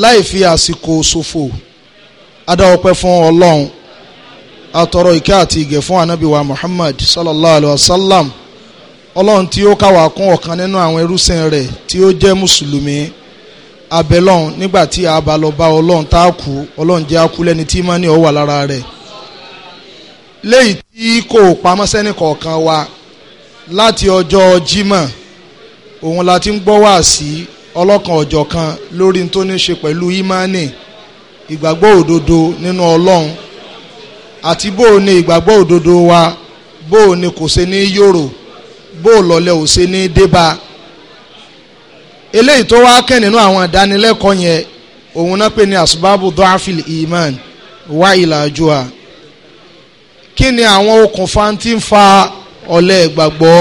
láì fi àsìkò ṣòfò adáwọ̀pẹ́ fún ọlọ́run atọrọ ìkẹ́ àti ìgẹ̀ fún ànábì Muhammad sallallahu alayhi wa sallam ọlọ́run tí ó káwà kún ọ̀kan nínú àwọn ẹrúsìn rẹ̀ tí ó jẹ́ mùsùlùmí abẹ́lọ́run nígbà tí a bá lọ bá ọlọ́run tá a kú ọlọ́run jẹ́ akú lẹ́ni tí mọ́ni ọ̀ lára rẹ̀ léyìí tí kò pamọ́ sẹ́ni kọ̀ọ̀kan wa láti ọjọ́ Jímọ̀ òun la ti ń gbọ́ wá sí i ọlọ́kan ọ̀jọ̀ kan lórí tó ní ṣe pẹ̀lú ìmánì ìgbàgbọ́ òdodo nínú ọlọ́run àti bó o ní ìgbàgbọ́ òdodo wa bó o ní kò ṣe ní yòrò bó o lọ́lẹ̀ ò ṣe ní débà eléyìí tó wá kẹ́ nínú àwọn ìdánilẹ́kọ̀ọ́ yẹn òun náà pè ní asubabu dọ́àfìl iman wá ìlàjúà kí ni àwọn okùnfà tí ń fa ọ̀lẹ ìgbàgbọ́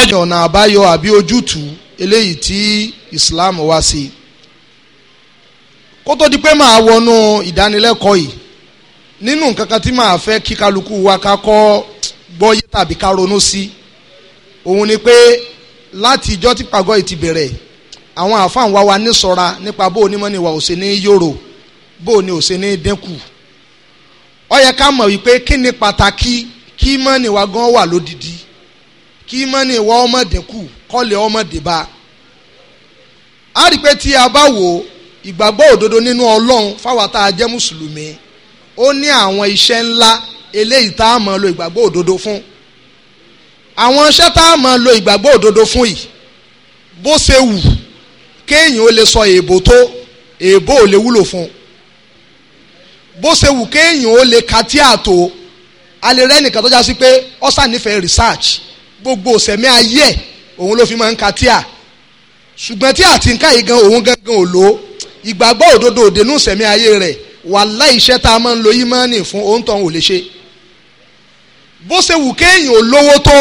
ẹjọ́ ọ̀nà àbáyọ àbí ojútùú eléyìí tí Islam wá sí kó tó di pé màá wọnú ìdánilẹ́kọ̀ọ́ yìí nínú nǹkan kan tí màá fẹ́ kí kálukú wa ká kọ́ gbọ́yé tàbí ká ronú sí òun ni pé láti ìjọ́ tí pàgọ́ yìí ti bẹ̀rẹ̀ àwọn àfáàn wa wa ní ṣọ́ra nípa bó onímọ̀ ni wà ó ṣe ní yòrò bó o ní ó ṣe ní dínkù ó yẹ ká mọ̀ wípé kí ni pàtàkì kí mọ́ni wa gan wà lódìdí kí mọ́nì ìwọ ọmọ dínkù kọ́lẹ̀ ọmọ dìbà á rí i pé tí a bá wò ó ìgbàgbọ́ òdodo nínú ọlọ́run fáwọn tá a jẹ́ mùsùlùmí ó ní àwọn iṣẹ́ ńlá eléyìí tá a máa lo ìgbàgbọ́ òdodo fún àwọn iṣẹ́ tá a máa lo ìgbàgbọ́ òdodo fún yìí bó ṣe wù kéèyàn ó lè sọ èèbò tó èèbò ò lè wúlò fún bó ṣe wù kéèyàn ó lè ka tí àtò alẹ́ rẹ́ nìkan tó já sí pé ọ́sà nífẹ̀ẹ́ research gbogbo òsẹ̀mí ayé ẹ̀ òun ló fi máa ń ka tíà ṣùgbọ́n tí àti ń ká yìí gan òun gangan ò lò ó ìgbàgbọ́ òdodo òdenú sẹ̀mí ayé rẹ̀ wàhálà iṣẹ́ tá a máa ń lo ìmánì fún òun tán ò lè ṣe bó ṣe wù kéèyàn ò lówó tó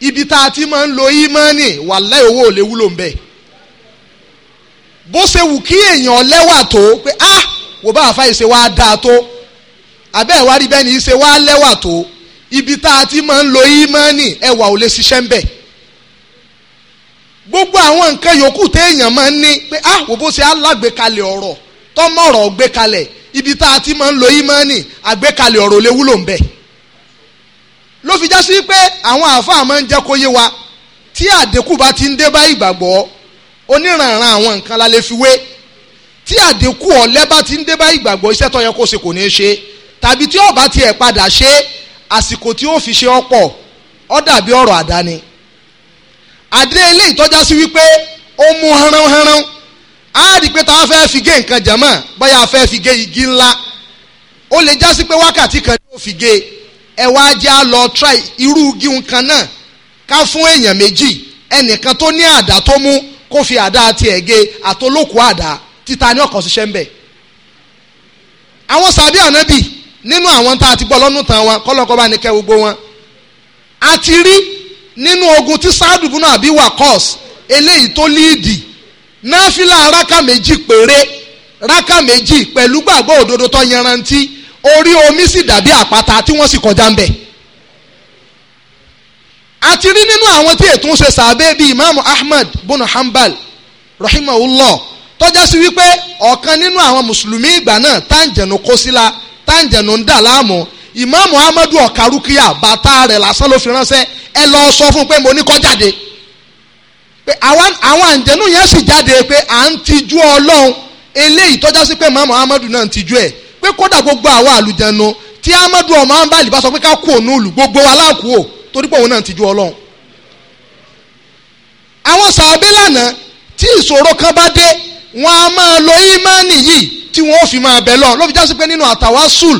ibi tá a ti máa ń lo ìmánì wàhálà owó ò lè wúlò ń bẹ̀ bó ṣe wù kí èèyàn lẹ́wà tó pé ah wò bá àfa ìṣe wa dáa tó abẹ́ ìwádìí bẹ́ẹ̀ ni ìṣe wa lẹ́wà tó ibi tá a ti máa ń lo ímánì ẹwà ò lè ṣiṣẹ́ ń bẹ̀ gbogbo àwọn nǹkan yòókù téèyàn máa ń ní pé ah wò bó ṣe alágbèkalẹ̀ ọ̀rọ̀ tọ́mọ̀rọ̀ gbékalẹ̀ ibi tá a ti máa ń lo ímánì àgbékalẹ̀ ọ̀rọ̀ lè wúlò ń bẹ̀ ló fi já sí pé àwọn àáfàá máa ń jẹ́ kó yé wa tí àdínkù bá ti ń dé bá ìgbàgbọ́ oníranran àwọn nǹkan la lè fi wé tí àdínkù ọ̀lẹ́ bá ti ń dé bá ìgbàgbọ́ iṣẹ́ tó yẹ kó ṣe kò ní ṣe tàbí tí ó tiẹ̀ padà ṣe é àsìkò tí ó fi ṣe ọ̀pọ̀ ó dàbí ọ̀rọ̀ àdáni àdé ilé ìtọ́já sí wípé ó mú hánránhánrán á rí i pé tá a fẹ́ fi gé nǹkan jẹ̀mọ́ bóyá a fẹ́ fi gé igi ńlá ó lè já sí pé wákàtí kan ni ó fi gé ẹ wá jẹ́ á lọ try irú igi nǹkan náà ká fún èèyàn méjì ẹnìkan tó ní àdá tó mú kó fi àdá tiẹ̀ gé àtolókùú àdá títa ní ọkọ̀ ṣiṣẹ́ ń bẹ̀ àwọn sàbí ànábì nínú àwọn tá a ti gbọ́ lọ́nù tán wọn kọ́lọ́kọ́ bá ní kẹ́ gbogbo wọn a ti rí nínú ogun tí sáàdù bùnú àbí wakọ́s eléyìí tó líìdì náfìlà rákà méjì péré rákà méjì pẹ̀lú gbàgbọ́ òdodo tó yanrantí orí omi sì dàbí àpáta tí wọ́n sì kọjá ń bẹ̀. a ti rí nínú àwọn tí ètò ń ṣe sàbẹ́ bíi imaamu ahmed bunu hanbal rahimahullah tọ́já sí wípé ọ̀kan nínú àwọn mùsùlùmí ìgbà náà tá à ń jẹ̀nu kó sí la táǹjẹ̀nù ń dà láàmú ìmáàmù amadu ọ̀karukiya bàtà rẹ̀ lásán ló fi ránṣẹ́ ẹ lọ sọ fún un pé mo ní kó jáde pé àwọn àǹjẹ̀nù yẹn sì jáde pé à ń tijú ọlọ́run eléyìí tọ́já sí pé ìmáàmù amadu náà ń tijú ẹ̀ pé kódà gbogbo àwọn àlùjẹ̀nu tí amadu ọmọ anbali bá sọ pé ká kú òun òlù gbogbo aláàkúò torí pé òun náà tijú ọlọ́run àwọn sàábé lánàá tí ìṣòro kan bá dé wọn a máa lo ímánì yìí tí wọ́n fi máa bẹ̀ lọ ló fi jásí pé nínú àtàwásùl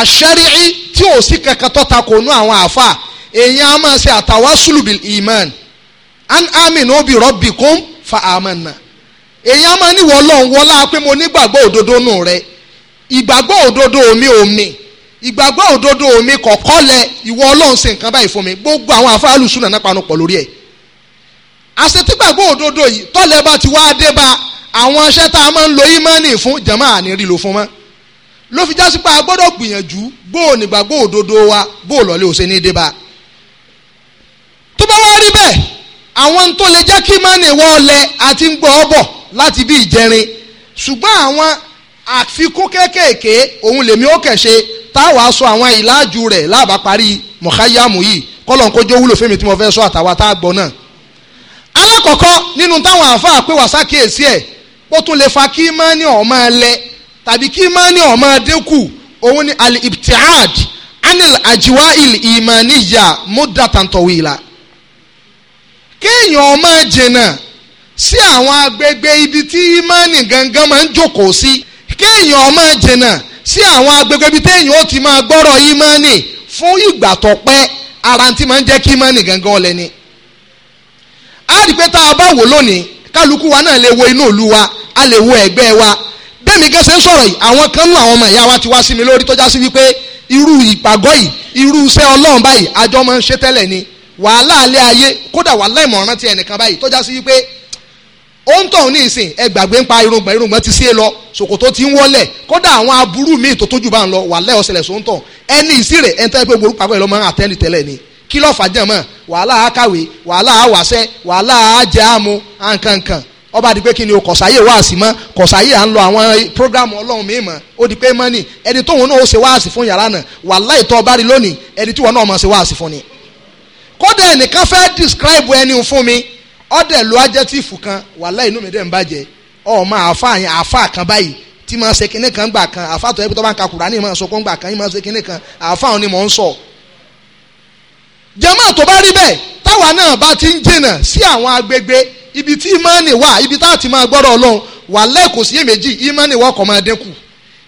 àṣẹ́rìí tí ò sí kankan tó ta kò nú àwọn àáfà èèyàn á máa ṣe àtàwásùl bil iman an aminu bi rabbikum fa amanna èèyàn máa ní wọ́lọ́hún wọ́lá pé mo nígbàgbọ́ òdodo nù rẹ ìgbàgbọ́ òdodo mi ò ìgbàgbọ́ òdodo mi kọ̀kọ́ ìwọ ọlọ́run ṣe nǹkan báyìí fún mi gbogbo àwọn àfáàlù sùn nàná panu pọ̀ lórí ẹ̀ àṣetí gbàgbọ́ òdodo yìí tọ́lẹ̀ bá ti wá dé bá àwọn iṣẹ́ tá a máa ń lo ímánì fún jẹ̀mọ́ àní rí lo fún mọ́ ló fi jásí pé a gbọ́dọ̀ gbìyànjú bó o nígbàgbọ́ òdodo wa bó o lọ́lé òsè ní débà tó bá wá rí bẹ́ẹ̀ àwọn tó lè jẹ́ kí ímánì wọ́n lẹ àti ń gbọ́ ọ bọ̀ láti bí ìjẹrin ṣùgbọ́n àwọn àfikún kéékèèké òun lèmi ó kẹ̀ṣe táwa sọ àwọn ìlàjú rẹ̀ lábàá parí mọ̀káyàmù yìí kọ́lọ̀ wúlò fẹ́mi tí mo fẹ́ sọ àtàwọn tá a gbọ́ náà alákọ̀ọ́kọ́ nínú táwọn àáfàá pé wàsákìyèsí ẹ̀ ó tún lè fa kí mọ́ni ọ̀ máa lẹ tàbí kí mọ́ni ọ̀ máa dínkù òun ni al-ibtihad anil ajiwa il imani imaniya muddatan tawila kéèyàn máa jìnnà sí àwọn agbègbè ibi tí imani gangan máa ń jókòó sí kéèyàn máa jìnnà sí àwọn agbègbè ibi téèyàn ó ti máa gbọ́rọ̀ imani fún ìgbà tó pẹ́ ara ti máa ń jẹ́ kí imani gangan ọ̀lẹ́ ni. a rí i pé tá a bá wò lónìí kálukú wa náà lè wo inú ìlú wa a lè wo ẹ̀gbẹ́ wa bẹ́ẹ̀ mi kẹsẹ̀ ń sọ̀rọ̀ yìí àwọn kan nú àwọn ọmọ ìyá wa ti wá sí mi lórí tọ́já sí wípé irú ìpàgọ́ yìí irú iṣẹ́ ọlọ́run báyìí àjọ máa ń ṣe tẹ́lẹ̀ ni wàhálà alẹ́ ayé kódà wàhálà ìmọ̀ràn ti ẹnìkan báyìí tọ́já sí wípé ó ń ní ìsìn ẹ gbàgbé ń pa irungbọ̀n irungbọ̀n ti sí e lọ ṣòkòtò ti ń wọlẹ̀ kódà àwọn aburú míì tó tójú bá ń lọ wàhálà ọ̀sẹ̀lẹ̀ só ń tọ̀ ẹni ìsírè ẹni tẹ́ pé gbogbo pàgọ́ ìlọ máa ń àtẹ́ni tẹ́lẹ̀ ni kí lọ́ọ̀fà jẹ̀ mọ́ wàhálà á kàwé wàhálà á wàṣẹ́ wàhálà á jẹ́ àmú àǹkankan ọba di pé kí ni o kọ̀sáyé wáàsí mọ́ kọ̀sáyé à ń lọ àwọn programu ọlọ́run mi mọ́ ó di pé mọ́nì ẹni tóun náà ó ṣe wáàsí fún yàrá náà wàláì tó ọba rí lónìí ẹni tí wọn náà mọ̀ ṣe wáàsí fún ni. kódà ẹnìkan fẹ́ describe ẹni fún mi ọ̀dẹ̀ ló ajẹ́tìfù kan wàláì inú mi dẹ̀ ń bàjẹ́ ọmọ àáfà yẹn àáfà kan báyìí tí máa ṣe kinní kan gbà kan àáfà tó yẹ kó tó bá ń ka Kùránì máa sọ ibi tí ìmánì wà ibi tá a ti máa gbọ́rọ̀ ọlọ́run wà lẹ́ẹ̀kọ́ sí èméjì ìmánì wà máa dínkù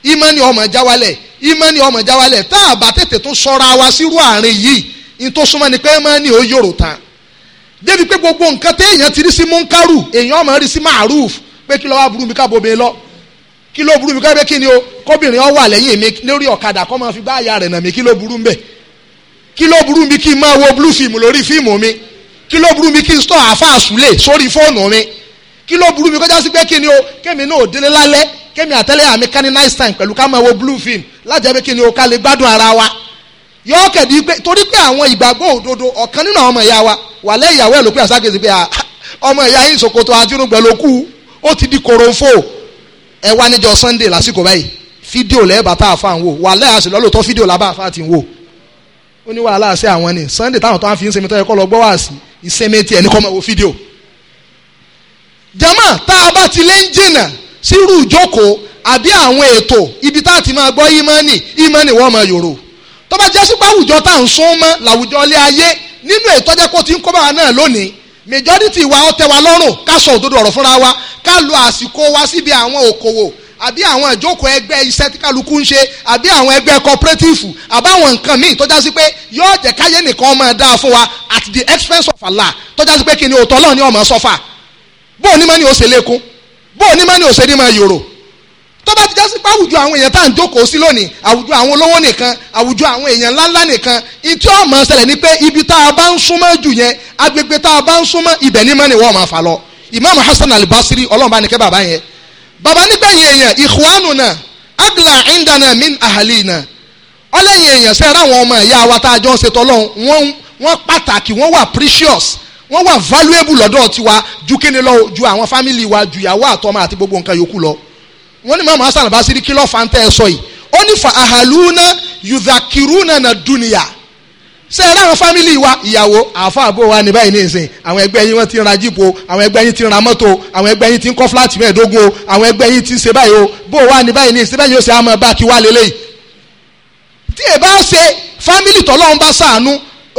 ìmánì ọmọ jáwálẹ̀ ìmánì ọmọ jáwálẹ̀ tá a bá tètè tún sọra wa sírú àárín yìí ní tó súnmọ́ ni pé ìmánì ó yòrò tán débi pé gbogbo nǹkan téèyàn ti rí sí múnkárù èèyàn ọmọ rí sí màrúf pé kí ló wá burú mi ká bobe lọ kí ló burú mi ká bẹ kí ni o kóbìnrin ọ wà lẹ́yìn mi lórí ọ̀kadà kọ́ máa fi bá aya rẹ̀ nà mí kí ló burú mi bẹ̀ kí ló burú máa wo blue film lórí fíìmù mi kí ló burú mi kí n store àáfàá sùlẹ̀ sórí fóònù mi kí ló burú mi kọjá sí pé kí ni o kémi náà ò délé lálẹ́ kémi àtẹ́lẹ́ àmì kání nice time pẹ̀lú ká máa wo blue film lájẹ́ pé kí ni o ká lè gbádùn ara wa yọ kẹ̀dí pé torí pé àwọn ìgbàgbọ́ òdodo ọ̀kan nínú àwọn ọmọ ìyá wa wà lẹ́ ìyàwó ẹ̀ ló pé àsákèsí pé ah, ọmọ ìyá yín ìsòkòtò àti irúgbẹ́ ló kú ó ti di korofo ẹ wá níjọ Sunday lásìkò báyìí fídíò lẹ́ẹ̀bà tá a fa àwọn wò wà àṣẹ lọ́lọ́tọ́ fídíò lábá àfa ti wò ó ní wàhálà sí àwọn ni Sunday táwọn tó ń fi ń sinmi tó yẹ kọ́ lọ gbọ́ wá sí i ìsinmi tiẹ̀ ní kọ́ máa wo fídíò jama tá a bá ti lé ń jìnnà sírú ìjókòó àbí àwọn ètò ibi tá a ti máa gbọ́ ìmọ̀ọ́nì ìmọ̀ọ́nì wọ́n máa yòrò tó bá jẹ́ sípò àwùjọ tá à ń sún mọ́ làwùjọ ilé ayé nínú ètò ọjọ́ kó ti ń kọ́ wa náà lónìí majority wa ó wa lọ́rùn ká sọ òdodo ọ̀rọ̀ fúnra wa ká lo àsìkò wa síbi àwọn òkòwò àbí àwọn ìjókòó ẹgbẹ́ iṣẹ́ tí kálukú ń ṣe àbí àwọn ẹgbẹ́ cooperative àbáwọn nǹkan míì tó jásí pé yóò jẹ́ káyé nìkan wa at the expense of Allah tó jásí pé kí ni òótọ́ náà ni ọmọ sọ́fà bó onímọ̀ ni ó ṣe lékún bó onímọ̀ ni ó ṣe ní ma yòrò tó bá ti jásí pé àwùjọ àwọn èèyàn tá à ń jókòó sí lónìí àwùjọ àwọn olówó nìkan àwùjọ àwọn ibi tá a bá ń súnmọ́ jù yẹn agbègbè tá a bá ń súnmọ́ ibẹ̀ mọ́ni Imam Hasan al-Basri ọlọ́run bá bàbá nígbẹ̀yìn èèyàn ìhùwánu náà agla indana min ahali náà ọlẹ́yìn èèyàn sẹ́yìn àwọn ọmọ ẹ̀yà wa tá a jọ ń ṣètò ọlọ́run wọ́n pàtàkì wọ́n wà precious wọ́n wà valuable lọ́dọ̀ tiwa ju kíni lọ ju àwọn family wa ju ìyàwó àtọmọ àti gbogbo nǹkan yòókù lọ wọ́n ní mọ̀mọ́ hasan basiri kí lọ́ọ́ fa ń tẹ́ ẹ sọ yìí ó ní fa ahaluna yudhakiruna na dunia ṣe ẹ láwọn fámìlì wa ìyàwó àáfà àbò wa ní báyìí ní ìsìn àwọn ẹgbẹ́ yín wọ́n ti ra jíìpù àwọn ẹgbẹ́ yín ti ra mọ́tò àwọn ẹgbẹ́ yín ti ń kọ́ fúláàtì mẹ́ẹ̀ẹ́dógún o àwọn ẹgbẹ́ yín ti ń ṣe báyìí o bó wa ní báyìí ní ìsìn báyìí ó ṣe àmọ́ bá ti wá lélẹ́yìí. tí ẹ bá ṣe fámìlì tọ́lọ́run bá ṣàánú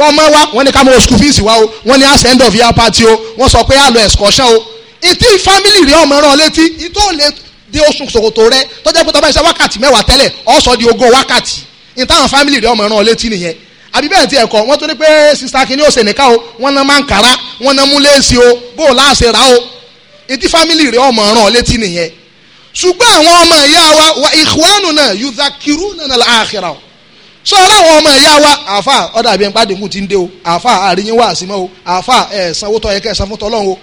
ọmọ wa wọ́n ní ká mọ school fees wa o wọ́n ní àṣẹ end of year party o wọ́n sọ pé àlọ́ excursion o ìtí fámìlì rẹ ọmọ rán létí ìtó lè dé oṣù ṣòkòtò rẹ tọ́jà pé tọ́ba iṣẹ́ wákàtí mẹ́wàá tẹ́lẹ̀ ọ̀sọ́ di ogún wákàtí ìtàwọn fámìlì rẹ ọmọ rán létí nìyẹn àbí bẹ́ẹ̀ ti ẹ̀kọ́ wọ́n tó ní pé sista kìíní òsè nìka o wọ́n ná máa ń kàrá wọ́n ná mú léèsì o bó o láàṣẹ rà o etí fámìlì rẹ ọmọ ọ̀ràn létí nìyẹn ṣùgbọ́n àwọn ọmọ ìyá wa wa ìhùwánu náà yudhakiru nana àkìrà o sọ ọ́ láwọn ọmọ ìyá wa àfa ọ̀dà àbí ẹ̀ńpá dínkù ti ń dé o àfa àríyìn wà sí mọ́ o àfa ẹ̀ sanwó tọ́ yẹ kẹ́ ẹ̀ sanwó tọ́ lọ́hùn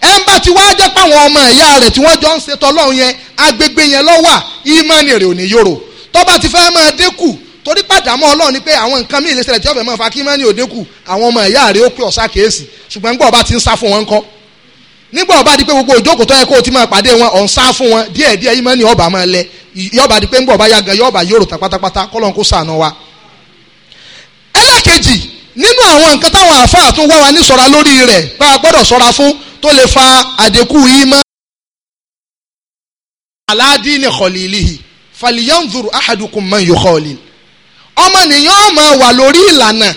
ẹ ń bá ti wá jẹ́ páwọn ọmọ ìyá rẹ̀ tí wọ́n jọ ń ṣe tọ́lọ́run yẹn agbègbè yẹn lọ́wà ìmọ̀ni rẹ̀ ò yòrò tó ti fẹ́ máa dínkù torí pàdámọ́ ọlọ́run ni pé àwọn nǹkan mí ìlẹ́sẹ̀rẹ̀ tí ọ̀fẹ́ máa fa kí ìmọ̀ni ò dínkù àwọn ọmọ ìyá rẹ̀ ó pé ọ̀sá kèésì ṣùgbọ́n nígbà ọba ti ń sá fún wọn kọ́ nígbà ọba di pé gbogbo òjókòó tó yẹ kó o ti máa pàdé wọn ọ̀n sá fún wọn díẹ̀ díẹ̀ ìmọ̀ni ọba máa lẹ yọba di pé ńgbà ọba yàgàn yọba yòrò tán pátápátá kọ́lọ́n kó sànù wa. ẹlẹ́kejì nínú àwọn nǹkan táwọn àáfàá tún wá wa ní ṣọ́ra lórí rẹ̀ pé a gbọ́dọ̀ ṣọ́ra fún tó lè fa àdínkù ìmọ̀ aládìní khalilihi falyanzur ahadukum man yukhalil ọmọnìyàn máa wà lórí ìlànà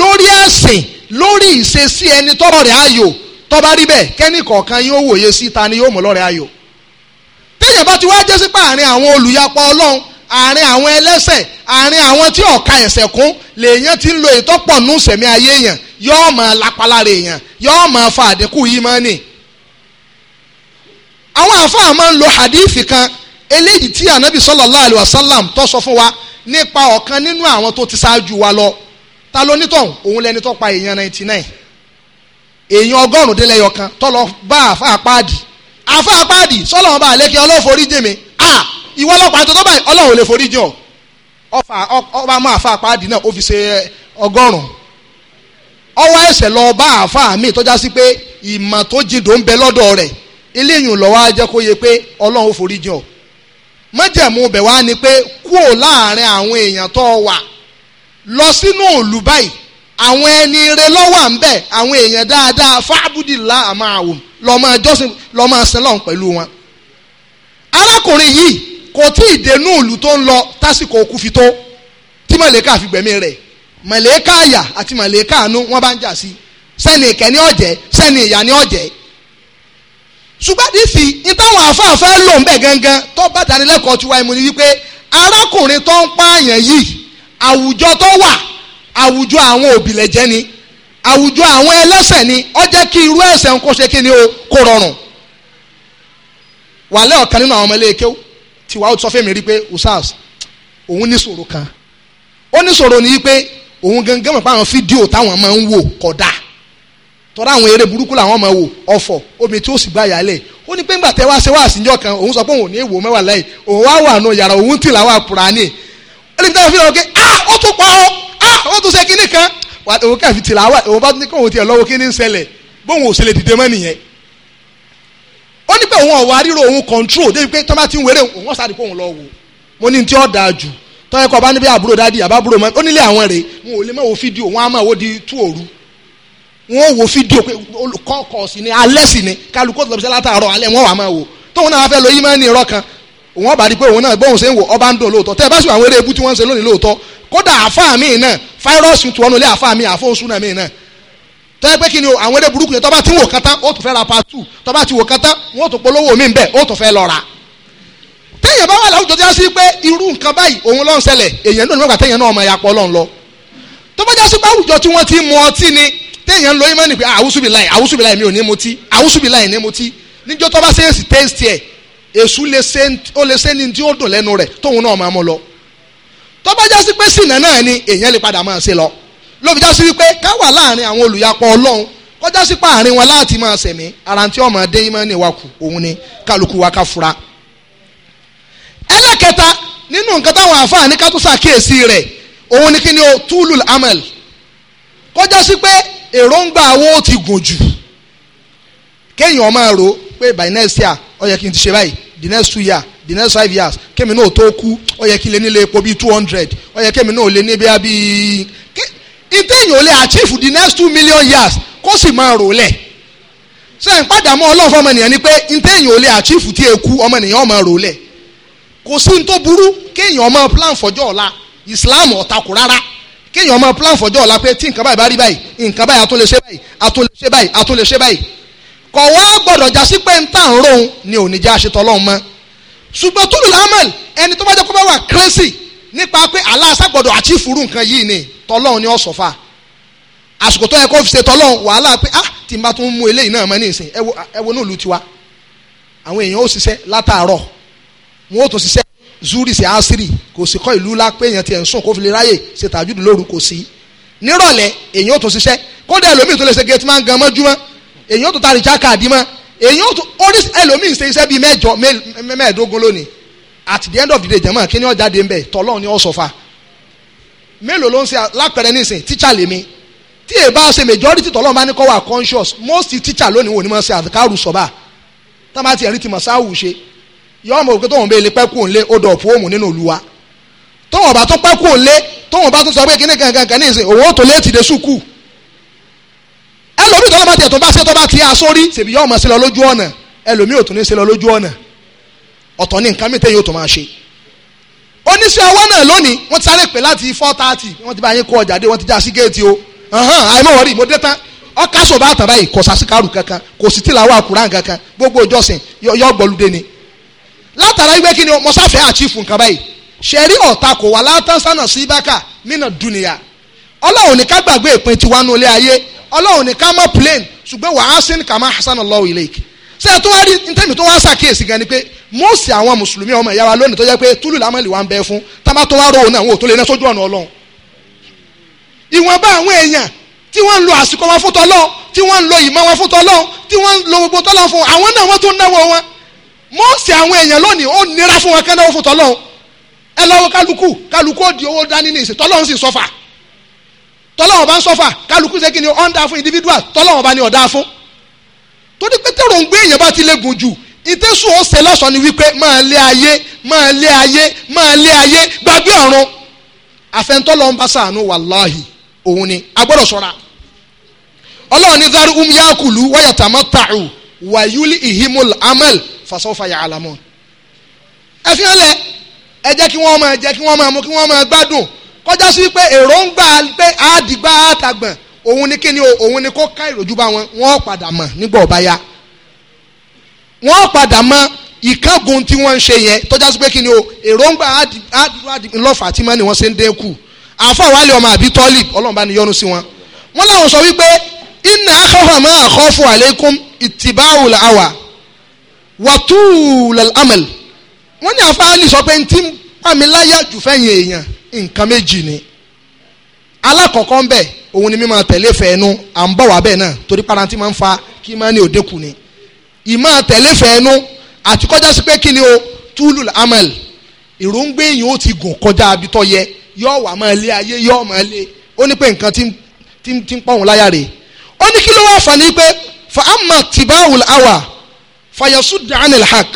lórí ẹ̀sìn lórí ìṣesí ẹni tọ́rọ̀ rẹ̀ ayò tó bá rí bẹ́ẹ̀ kẹ́ni kọ̀ọ̀kan yóò wòye sí ta ni yóò mú lọ́rẹ̀ ayò téèyàn bá ti wá jẹ́ sí pé àárín àwọn olùyapa ọlọ́run àárín àwọn ẹlẹ́sẹ̀ àárín àwọn tí ọ̀ka ẹ̀sẹ̀ kún lèèyàn ti ń lo ìtọ́pọ̀ nù sẹ̀mí ayé yẹn yóò máa lápalára èèyàn yóò máa fa àdínkù ìmánì. àwọn àfáà máa ń lo hadith kan eléyìí tí anabi sallallahu alayhi wa sallam tó sọ fún wa nípa ọ̀kan nínú àwọn tó ti ṣáájú wa lọ ta ló nítọ̀hún òun lẹni tó pa èèyàn ninety nine èèyàn ọgọ́rùn-ún délẹ̀ yọkan tó lọ bá àfáà páàdì àfáà páàdì sọlọ́wọ́n bá àlékè ọlọ́forí jèmi à ìwọ ọlọ́pàá tó tọ́ báyìí ọlọ́run ò lè forí jìn ọ́ ọba mú àfáà páàdì náà ó fi ṣe ọgọ́rùn-ún ọwọ́ ẹsẹ̀ lọ bá àáfàá mi tọ́já sí pé ìmọ̀ tó jindò ń bẹ lọ́dọ̀ rẹ̀ eléyìí lọ́wọ́ á jẹ́ kó yẹ pé ọlọ́run forí jìn ọ́ mọ́jẹ̀mú bẹ̀ wá ni pé kúò láàrin àwọn èèyàn tó wà lọ sínú òlù báyìí àwọn ẹni rẹ lọ́wọ́ à ń bẹ̀ àwọn èèyàn dáadáa fábùdìlá àmọ́ àwòm lọ́mọ ẹjọ́sìn lọ́mọ ẹsẹ̀lọ́n pẹ̀lú wọn. arákùnrin yìí kò tí ì dénú òlù tó ń lọ tásìkò òkú fi tó tí mọ̀lẹ́ká fi gbẹ̀mí rẹ̀ màlẹ́kà àyà àti màlẹ́kà àánú wọn bá ń jà sí sẹ́ni ìkẹ́ni ọjẹ sẹni ìyà ni ọjẹ ṣùgbọ́n àdìsí ìtàwọn afáàfẹ́ lò ń bẹ̀ gangan tó bá dánilẹ́kọ̀ọ́ tiwa ìmọ̀ ni wípé arákùnrin tó ń pààyàn yìí àwùjọ tó wà àwùjọ àwọn òbílẹ̀jẹ́ ni àwùjọ àwọn ẹlẹ́sẹ̀ ni ó jẹ́ kí irú ẹ̀ṣẹ̀ ń kó ṣe kí ni o kó rọrùn wàlẹ́ ọ̀kan nínú àwọn ọmọ ilé ike tiwa ó sọ fún mi rí pé usas òun ní ṣòro kan ó ní ṣòro ní pé òun gangan mọ̀ pé àwọn fídíò táwọn máa ń wò kódà tọ́ra àwọn eré burúkú làwọn máa wò ọ̀fọ̀ omi tí ó sì gbà yálẹ̀ ó ní pé ńgbà tẹ́ wá ṣe wá àṣìjọ kan òun sọ pé òun ò ní èèwò mẹ́wàá lẹ́yìn òun wá wà nù yàrá òun tì làwọn àpùránì ẹlẹ́mi táwọn fi hàn pé ah ó tún pa ọ́ ah ó tún ṣe kínní kan òun kàfi tì làwọn òun bá ní kóun tiẹ̀ lọ́wọ́ kínní ń ṣẹlẹ̀ bóun ò ṣẹlẹ̀ dìde mọ́ nìyẹn ó ní pé òun ọ̀wá ríro òun control débi pé tọ́mátì ń wéré tọ́yẹ kọ́ bá níbi àbúrò dáàdì àbábúrò mọ́ ó nílé àwọn rè wọn ò lè máa wo fídíò wọn á máa wo di tú òru wọn ò wo fídíò pé kọ́ọ̀kọ́ sí ni alẹ́ sí ni kálukú tó lọ sí látàárọ̀ alẹ́ wọn wà máa wò tóun náà fẹ́ lo yí máa ní irọ́ kan wọn bá di pé òun náà bóun ṣe ń wò ọba ń dùn lóòótọ́ tẹ́ ẹ bá sì àwọn eré ebú tí wọ́n ń ṣe lónìí lóòótọ́ kódà àáfàá mi náà fáírọ́ọ̀sì tí wọ́n nulẹ̀ ni àwọn eré burúkú yẹn tọ́ bá ti wò kátá ó tún fẹ́ ra pa two tọ́ téèyàn bá wà láwùjọ tí a sí pé irú nǹkan báyìí òun ló ń ṣẹlẹ̀ èèyàn lónìí mọ̀gbà téèyàn náà ọmọ ẹ̀yà pọ̀ lọ́n lọ tó bá já sí pé àwùjọ tí wọ́n ti mu ọtí ni téèyàn ń lo ìmọ̀ nípa ah, àwùsùbìláì àwùsùbìláì mi ò ní mutí àwùsùbìláì ní mutí níjọ́ tó bá ṣe é sì tẹ́sítì ẹ̀ èṣù ó lè ṣe ní tí ó dùn lẹ́nu rẹ̀ tóun náà máa mú lọ tó bá já sí pé sìnà náà ni èèyàn lè padà máa ṣe lọ ló fi já sí wípé ká wà láàrin àwọn olùyapọ̀ ọlọ́run kọjá sí pé àárín wọn láti máa sẹ̀mí ara tí ọmọ adé ni wa kù òun ni kálukú wa ká fura ẹlẹ́kẹta nínú nǹkan táwọn àǹfààní ká tó ṣàkíyèsí rẹ̀ òun ni kí ni o túlù amẹ́l kọjá sí pé èròǹgbà owó ti gùn jù kéèyàn máa rò pé by next year ó yẹ kí n ti ṣe báyìí the next two years the next five years kémi náà tó kú ó yẹ kí lè nílé epo bíi two hundred ó yẹ kémi náà lè ní bíi bíi ìtẹ̀yìn ò lè achieve the next two million years kó sì máa rò lẹ̀ ṣe ń padà mọ́ ọlọ́fọ́ ọmọnìyàn ni pé ìtẹ̀yìn ò lè achieve tí eku ọmọnìyàn ó máa rò lẹ̀ kò sí ní burú kéèyàn máa plan fọjọ́ ọ̀la Islam ọ̀takù rárá kéèyàn máa plan fọjọ́ ọ̀la pé tí nǹkan báyìí bá rí báyìí nǹkan báyìí àtúnlẹ̀ ṣe báyìí àtúnlẹ̀ ṣe báyìí àtúnlẹ̀ ṣe báyìí kọ̀ wá gbọ́dọ̀ já sí pé ń tà ń rohun ni ò ní já ṣe tọ́lọ́ mọ́ ṣùgbọ́n tó lù ẹni tó bá jẹ́ kó bá wà crazy nípa pé aláàṣà gbọ́dọ̀ ni tọ́lọ́hun ni ó sọ̀fà àsìkò tó yẹ kó fi ṣe tọ́lọ́hun wàhálà pé ah tí n bá tún mú eléyìí náà mọ́ ní ìsìn ẹ wo ní ìlú tiwa àwọn wọn ò tún ṣiṣẹ́ zuri sí asiri kò sí kọ́ ìlú ńlá pé èèyàn ti ẹ̀ ń sùn kó fi lè ráyè ṣe tàjúdù lóru kò sí nírọ̀lẹ́ èèyàn ò tún ṣiṣẹ́ kódà ẹlòmíì tó lè ṣe gate man gan mọ́júmọ́ èèyàn ò tún tari jáka àdímọ́ èèyàn ò tún oríṣi ẹlòmíì ṣe iṣẹ́ bíi mẹ́jọ mẹ́ẹ̀ẹ́dógún lónìí at the end of the day jẹ́mọ́ kí ni ọjà dé ń bẹ̀ tọ́lọ́ ni ọ sọ fa mélòó ló ń ṣe lápẹ̀rẹ̀ nísìn tíṣà lèmi tí èèbá ṣe majority conscious most tíṣà lónìí wò ni mo ṣe àdìkárù sọ́ba tá a bá ti ẹ̀rí ti ṣe yọ ọmọ òkè tóun bẹ ilé pẹ́kù òǹlé ó dọ̀ fún òmù nínú olúwa tóun ọba tó pẹ́kù òǹlé tóun bá tún sọ pé kíní kankan kan ní ìsìn òun ó tó léètì dé sùkú ẹlòmíì tó lọ́ba tiẹ̀ tó bá ṣe tó bá ti aṣọ rí ṣèbí yọ ọmọ sílẹ̀ lójú ọ̀nà ẹlòmíì ò tún ní sílẹ̀ lójú ọ̀nà ọ̀tọ̀ ní nǹkan mìíràn yóò tó máa ṣe oníṣẹ́ ọwọ́ náà lónìí wọ́n ti sáré pè láti four thirty wọ́n ti bá yín kó ọjà dé wọ́n ti já sí géètì o àìmọ̀wọ́rì mo dé tán ọkà sọ̀bà àtàbáyé kò sàṣìkàrù kankan kò sì tìlà wà kúrán kankan gbogbo ìjọsìn yọ gbọ́lúdé ni látara wípé kí ni mo sáfẹ́ àchífù nǹkan báyìí ṣẹ̀rí ọ̀tá kò wá látàsánà sí bákà nínà dúnìyà ọlọ́run ní ká gbàgbé ìpín tiwa nù ilé ayé ọlọ́run ní ká mọ̀ plain ṣùgbọ́n wàá sin kàmá hasan allahu ilayk ṣé ẹ tó wá rí ntẹ́mi tó wá ṣàkíyèsí gan ni pé mọ́ọ̀sì àwọn mùsùlùmí ọmọ ìyá wa lónìí tó jẹ́ pé túlù lámọ̀lì wa ń bẹ fún tábà tó wá rò òun náà lè ná sójú ọ̀nà ọlọ́run ìwọ̀nba àwọn èèyàn tí wọ́n ń lo àsìkò wọn fún tọ́lọ́ tí wọ́n ń lo ìmọ̀ wọn fún tọ́lọ́ tí wọ́n ń lo gbogbo tọ́lọ́ fún àwọn náà wọ́n tó ń náwó wọn mọ́ọ̀sì àwọn èèyàn lónìí ó nira fún wọn kí wọ́n fún tọ́lọ́hún ẹ lọ́wọ́ kálukú kálukú ó di owó dání ní ìsìn tọ́lọ́hún sì sọ́fà tọ́lọ́hún bá ń sọ́fà kálukú ṣe kí ni ó ń dá fún individual tọ́lọ́hún bá ní ọ̀dá fún torí pé tẹ̀rọ ń gbé èèyàn bá ti lè gùn jù ìtẹ́sùn ó ṣe lọ́sọ̀ọ́ ni wípé máa lé ayé máa lé ayé máa lé ayé gbàgbé ọ̀run àfẹ́ntọ́lọ́hún bá sàánú fasọ́fà yà àlámọ́ ẹ fi hàn lẹ ẹ jẹ́ kí wọ́n máa jẹ́ kí wọ́n máa mú kí wọ́n máa gbádùn kọjá sí pé èròǹgbà pé àdìgbà àtàgbọ̀n òun ni kíni o òun ni kó ká ìròjú bá wọn wọ́n padà mọ̀ nígbà ọ̀bá ya wọ́n padà mọ̀ ìkángun tí wọ́n ń ṣe yẹn tọ́já sí pé kíni o èròǹgbà àdìgbà ńlọ́fà tí wọ́n ní wọ́n ṣe ń dẹ́kù àfọ̀ wálé ọmọ àbí tọ́lì ọlọ́run bá ní sí wọn wọ́n láwọn sọ wípé inna akhafa ma akhafu alaykum ittiba'ul hawa wàtúùlẹ̀ amẹ̀l wọ́n ní àfáàlì sọ pé ntí pàmíláyà jù fẹ́yìn èèyàn nǹkan méjì ni alákọ̀ọ́kọ́ ń bẹ̀ òun ni mímọ tẹ̀lé fẹ́ẹ́nu à ń bọ̀ wá bẹ́ẹ̀ náà torí parantí máa ń fa kí máa ní òdekù ni ìmọ̀ tẹ̀lé fẹ́ẹ́nu àti kọjá sí pé kí ni o túlù amẹ̀l ìròǹgbé yìí ó ti gùn kọjá abitọ́ yẹ yọ wà máa lé ayé yọ máa lé ó ní pé nǹkan ti ń pọ̀ òun láyà rè ó ní kí ló wá fà ní pé fa amma tìbáwùl àwà fàyẹ̀sù daniel hak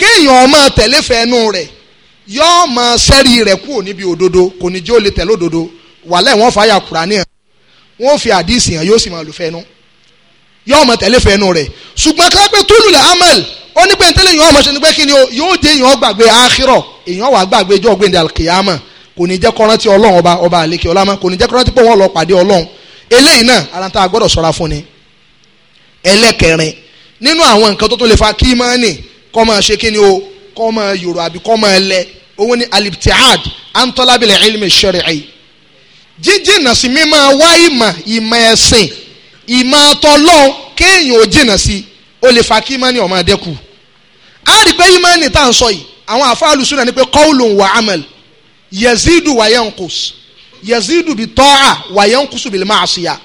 kéèyàn máa tẹ̀lé fẹ́ẹ́nu rẹ̀ yọ́ọ́ máa sẹ́rí rẹ̀ kúrò níbi òdodo kò ní jẹ́ ó lè tẹ̀lé òdodo wàlẹ́ wọn fàyà kúránì hàn wọn fi àdìsí hàn yóò sì máa lò fẹ́ẹ́nu yọ́ọ́ máa tẹ̀lé fẹ́ẹ́nu rẹ̀ ṣùgbọ́n ká pé túlù lẹ̀ amẹ́l ó ní pé ntẹ́lẹ̀ yọ́ọ́ máa ṣe ni pé kí ni yóò jẹ́ èèyàn gbàgbé àkírọ̀ èèyàn wà gbàgbé jọ́ gbẹ̀ndẹ̀ àkìyàmà kò ní jẹ́ kọ́rántí ọlọ́run ọba ọba àlekè ọlámà kò ní jẹ́ kọ́rántí pé wọ́n lọ pàdé ọlọ́run eléyìí náà ara tá a gbọ́dọ̀ fún ni ẹlẹ́kẹrin nínú àwọn nǹkan tó tó lè fa kí mọ́nì kọ́ máa ṣe kí ni o kọ́ máa yòrò àbí kọ́ máa lẹ òun ni aliptiad antolabile ilmi shari'i jíjìnà sí mímọ wá ìmọ̀ ìmọ̀ ẹ̀sìn ìmọ̀ àtọ́lọ́ kéèyàn ò jìnà sí ó lè fa kí mọ́nì ọmọ ẹ̀dẹ́kù á rí i pé ìmọ̀nì tá à ń sọ yìí àwọn àfáàlù súnà ni pé qawlun wa amal yazidu wa yanqus yazidu bi tọ́à wa yanqusu bil ma'asiya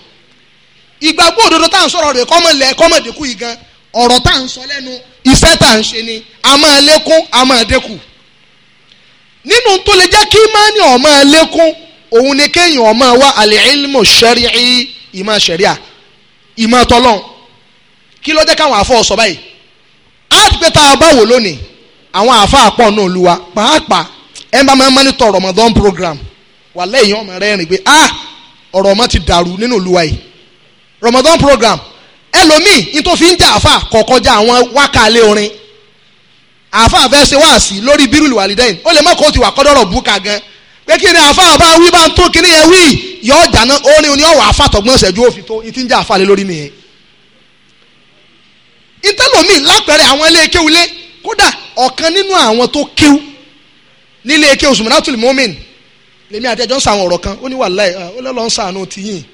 ìgbàgbọ́ òdodo tá à ń sọ̀rọ̀ rẹ̀ kọ́mọ̀lẹ́ kọ́mọ̀dẹ́kù yìí gan ọ̀rọ̀ tá à ń sọ lẹ́nu iṣẹ́ tá à ń ṣe ni a máa lékún a máa dínkù nínú tó lè jẹ́ kí imáni ó máa lékún òun ni kéèyàn ó máa wá al-ilmu shari'i ìmọ̀ ṣẹ̀ríà ìmọ̀ tọ́lọ́n kí ló jẹ́ káwọn àfọ ọ̀sọ̀ báyìí á ti pé tá a bá wò lónìí àwọn àfọ àpọ̀ náà lu wa pàápàá ẹ bá máa ń mọ́nítọ̀ Ramadan program wà lẹ́yìn ọmọ rẹ̀ rìn pé ah ọ̀rọ̀ ọmọ ti dàrú nínú ìlú wa yìí Ramadan program ẹlòmíì ní tó fi ń jẹ àáfà kọ̀ọ̀kọjá àwọn wákàlẹ́ orin àáfà fẹ́ ṣe wáàsí lórí bírùlù wàlídẹ́yìn ó lè mọ́kò tí wà kọ́dọ̀rọ̀ búkà gan pé kí ni àáfà bá wí bá ń tó kí ni yẹn wí yọ jàná orin ni ọwọ́ àáfà tọ̀gbọ́n ṣẹ́jú òfin tó ní ti ń jẹ àáfà lé lórí nìyẹn. ìtẹ́lòmíì lápẹ̀rẹ̀ àwọn ilé kéwulé kódà ọ̀kan nínú àwọn tó kéw nílé kéw sùmùnátùlì mọ́mìn lèmi àtẹ́jọ́ ń sàwọn ọ̀rọ̀ kan ó ní wàláì ó lọ́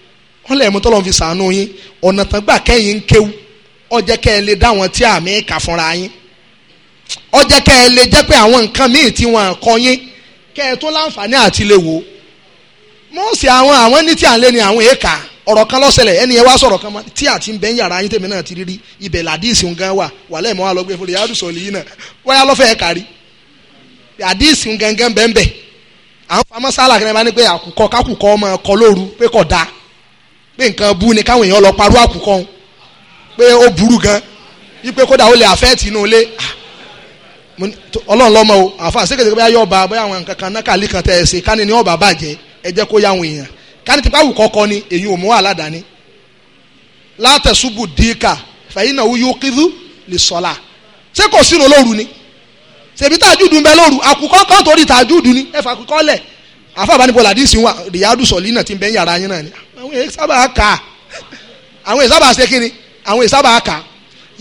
wọ́n lè mú tọ́lọ́run fi sàánú yín ọ̀nà tán gbà kẹ́yìn ń kéwú ó jẹ́ kẹ́ ẹ lè dá wọn tí àmì kà fúnra yín ó jẹ́ kẹ́ ẹ lè jẹ́ pé àwọn nǹkan míì tí wọ́n kọ́ yín kẹ́ ẹ tó láǹfààní àti lè wò ó mọ́ọ̀sì àwọn àwọn ní tí à ń lé ni àwọn èèkà ọ̀rọ̀ kan lọ́sẹ̀lẹ̀ ẹni ẹ wá sọ̀rọ̀ kan tí àti ń bẹ́ ń yàrá yín tèmi náà ti rírí ibẹ̀ làdíìsì nǹkan wà wàlẹ́ ìmọ̀ àlọ́gbé fúnra yàrá sọ̀lì yìí náà wáyà lọ́fẹ̀ẹ́ kárí àdíìsì nǹkan bẹ́ẹ̀ bẹ́ẹ̀ àwọn famọ́sálà kan ní pé àkùkọ kákùkọ ọmọ ẹ̀kọ́ lóru pé kò dáa pé nǹkan bú ni káwọn èèyàn lọ parú àkùkọ pé ó burú gan wípé kódà ó lè àfẹ́ẹ̀tì inú ilé ah, ọlọ́run lọ́mọ o àfa àṣekèjì bóyá yọ ọba bóyá àwọn nǹkan kan náà kàlí kan tẹ ẹ ṣe káni ní ọba bàjẹ́ ẹ kó yá àwọn èèyàn káni tipa wù kọ́kọ́ ni èyí ò mú àládàáni látẹ̀sùbù díkà fẹ̀yìnà yóò kíndú lè sọ̀la ṣé kò sínú olóru ni ṣèbí tàjúdù ń bẹ lóru àkùkọ kan torí tàjúdù ni ẹ fà àkùkọ lẹ̀ àfa àbánibo làdí ìsìn wa rìyádùsọ̀lì náà ti bẹ́ yàrá yín náà ni àwọn èyí sábà kà àwọn èyí sábà ṣe kíni àwọn èyí sábà kà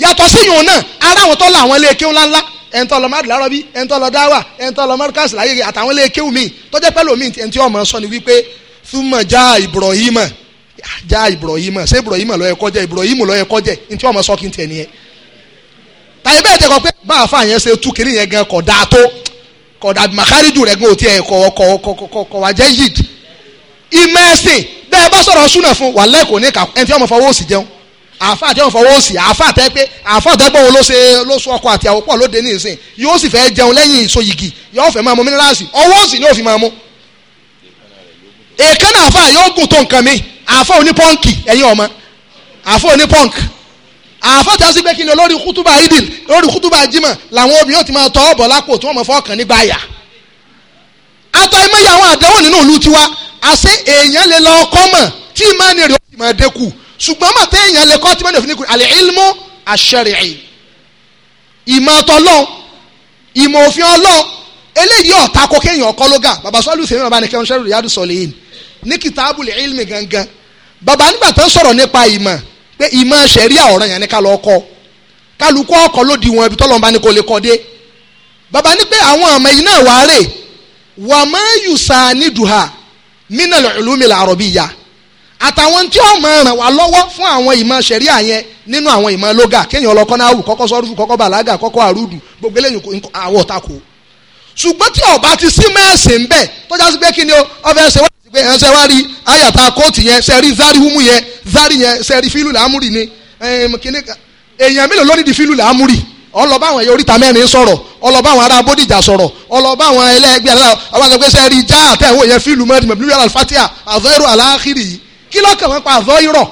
yàtọ̀ sí yòó náà ara àwọn tó la àwọn ilé kéwù ńláńlá ẹ̀ńtọ́ lọ mádùlá rọ́bí ẹ̀ńtọ́ lọ dáwà ẹ̀ńtọ́ lọ mọ́rùkásì láyé àtàwọn ilé kéwù míì tọ́jẹ́ pẹ́lú omi ẹ̀ńtí ọmọ sọ ni wípé súnmọ̀ já Ibrahim ah, já Ibrahim ṣé Ibrahim ló yẹ kó jẹ́ Ibrahim ló yẹ kó jẹ́ ẹ̀ńtí ọmọ sọ kí n tiẹ̀ nìyẹn. tàyè bẹ́ẹ̀ tẹ̀ kọ́ pé bá àfa yẹn ṣe tú kiri yẹn gan kọ̀ dáa tó kọ̀ dàbí màkàríjù rẹ̀ gan òtí ẹ̀ kọ̀ kọ̀ kọ̀ wá jẹ́ yìí ìmẹ̀sìn bẹ́ẹ̀ bá sọ̀rọ̀ súnà fún wàlẹ́ kò ní kà ẹni tí wọ́n fọwọ́ òsì jẹun àáfà tí wọ́n fọwọ́ òsì àáfà tẹ́ pé àáfà tẹ́ pé òun ló ṣe ló sọ ọkọ àti àwòpọ̀ lóde ní ìsìn yóò sì fẹ́ jẹun lẹ́yìn ìso yìgì yóò fẹ́ máa mu mínírààsì ọwọ́ òsì ni yóò fi máa mu. èèkánná àáfà yóò gùn tó nǹkan mi àáfà oní pọ́ǹkì ẹ̀yin ọmọ àáfà oní pọ́ǹkì àáfà tí a sì gbé kí ni olórí kútúbà idil olórí kútúbà jimá làwọn obìnrin ti máa tọ́ ọ̀bọ̀ lápò tí wọ́n mọ̀ fọ́ọ̀kan nígbà yà. àtọ̀ ẹ̀mẹ́yà àwọn àdánwò nínú ìlú tiwa àṣé èèyàn lè lọ ọkọ mọ̀ tí ìmánì rẹ̀ ó sì máa dẹ́kù ṣùgbọ́n mà tẹ́ èèyàn lè kọ́ tí ìmánì rẹ̀ fi ní kù àlẹ́ ilmu àṣẹrìí ìmọ̀ ọtọlọ́n ìmọ̀ òfin ọlọ́n eléyìí ọ̀tá kó kéèyàn ọkọ lóga bàbá sọ́ọ́lù fèmí bàbá nìkan ṣẹ́rù rìádù sọ̀lẹ́yìn ní kìtàbùlì ilmi gangan bàbá nígbà tó ń sọ̀rọ̀ nípa ìmọ̀ pé ìmọ̀ ṣẹ̀ríà ọ̀ràn yẹn ni ká lọ kọ́ kálukú ọkọ̀ lódì wọn ibi tọ́lọ́mbá ni kò lè kọ́ dé bàbá ní pé àwọn ọmọ yìí náà wàá rè wàmọ́ yùsà nídùúhà minal ulumil arabiyya àtàwọn tí ó máa ràn wá lọ́wọ́ fún àwọn ìmọ̀ ṣẹ̀ríà yẹn nínú àwọn ìmọ̀ lóga kéèyàn ọlọ́kọ́ náà wù kọ́kọ́ sọ́rùfù kọ́kọ́ bàlágà kọ́kọ́ àrùdù gbogbo eléyìí àwọ̀ tako ṣùgbọ́n tí ọba ti sí mẹ́ẹ̀sì ń bẹ̀ tọ́já sí pé kí ni ó ọbẹ̀ ṣe wá sí pé ẹ̀ṣẹ̀ wá rí ayàtà kóòtù yẹn sẹ́rí zari humu yẹn zari yẹn sẹ́rí fílù làámúrì ni èèyàn mélòó ló ní di fílù làámúrì ọlọ́ba àwọn ẹ̀yẹ oríta mẹ́rin sọ̀rọ̀ ọlọ́ba àwọn ará bódìjà sọ̀rọ̀ ọlọ́ba àwọn ẹlẹ́gbẹ́ aláwọ̀ àwọn àgbẹ̀ sẹ́ rí já àtẹ̀wò yẹn fílù mẹ́rin mẹ́rin lórí alfatia àzọ́ irú aláàkiri yìí kí lọ́kàn wọn pa àzọ́ irọ́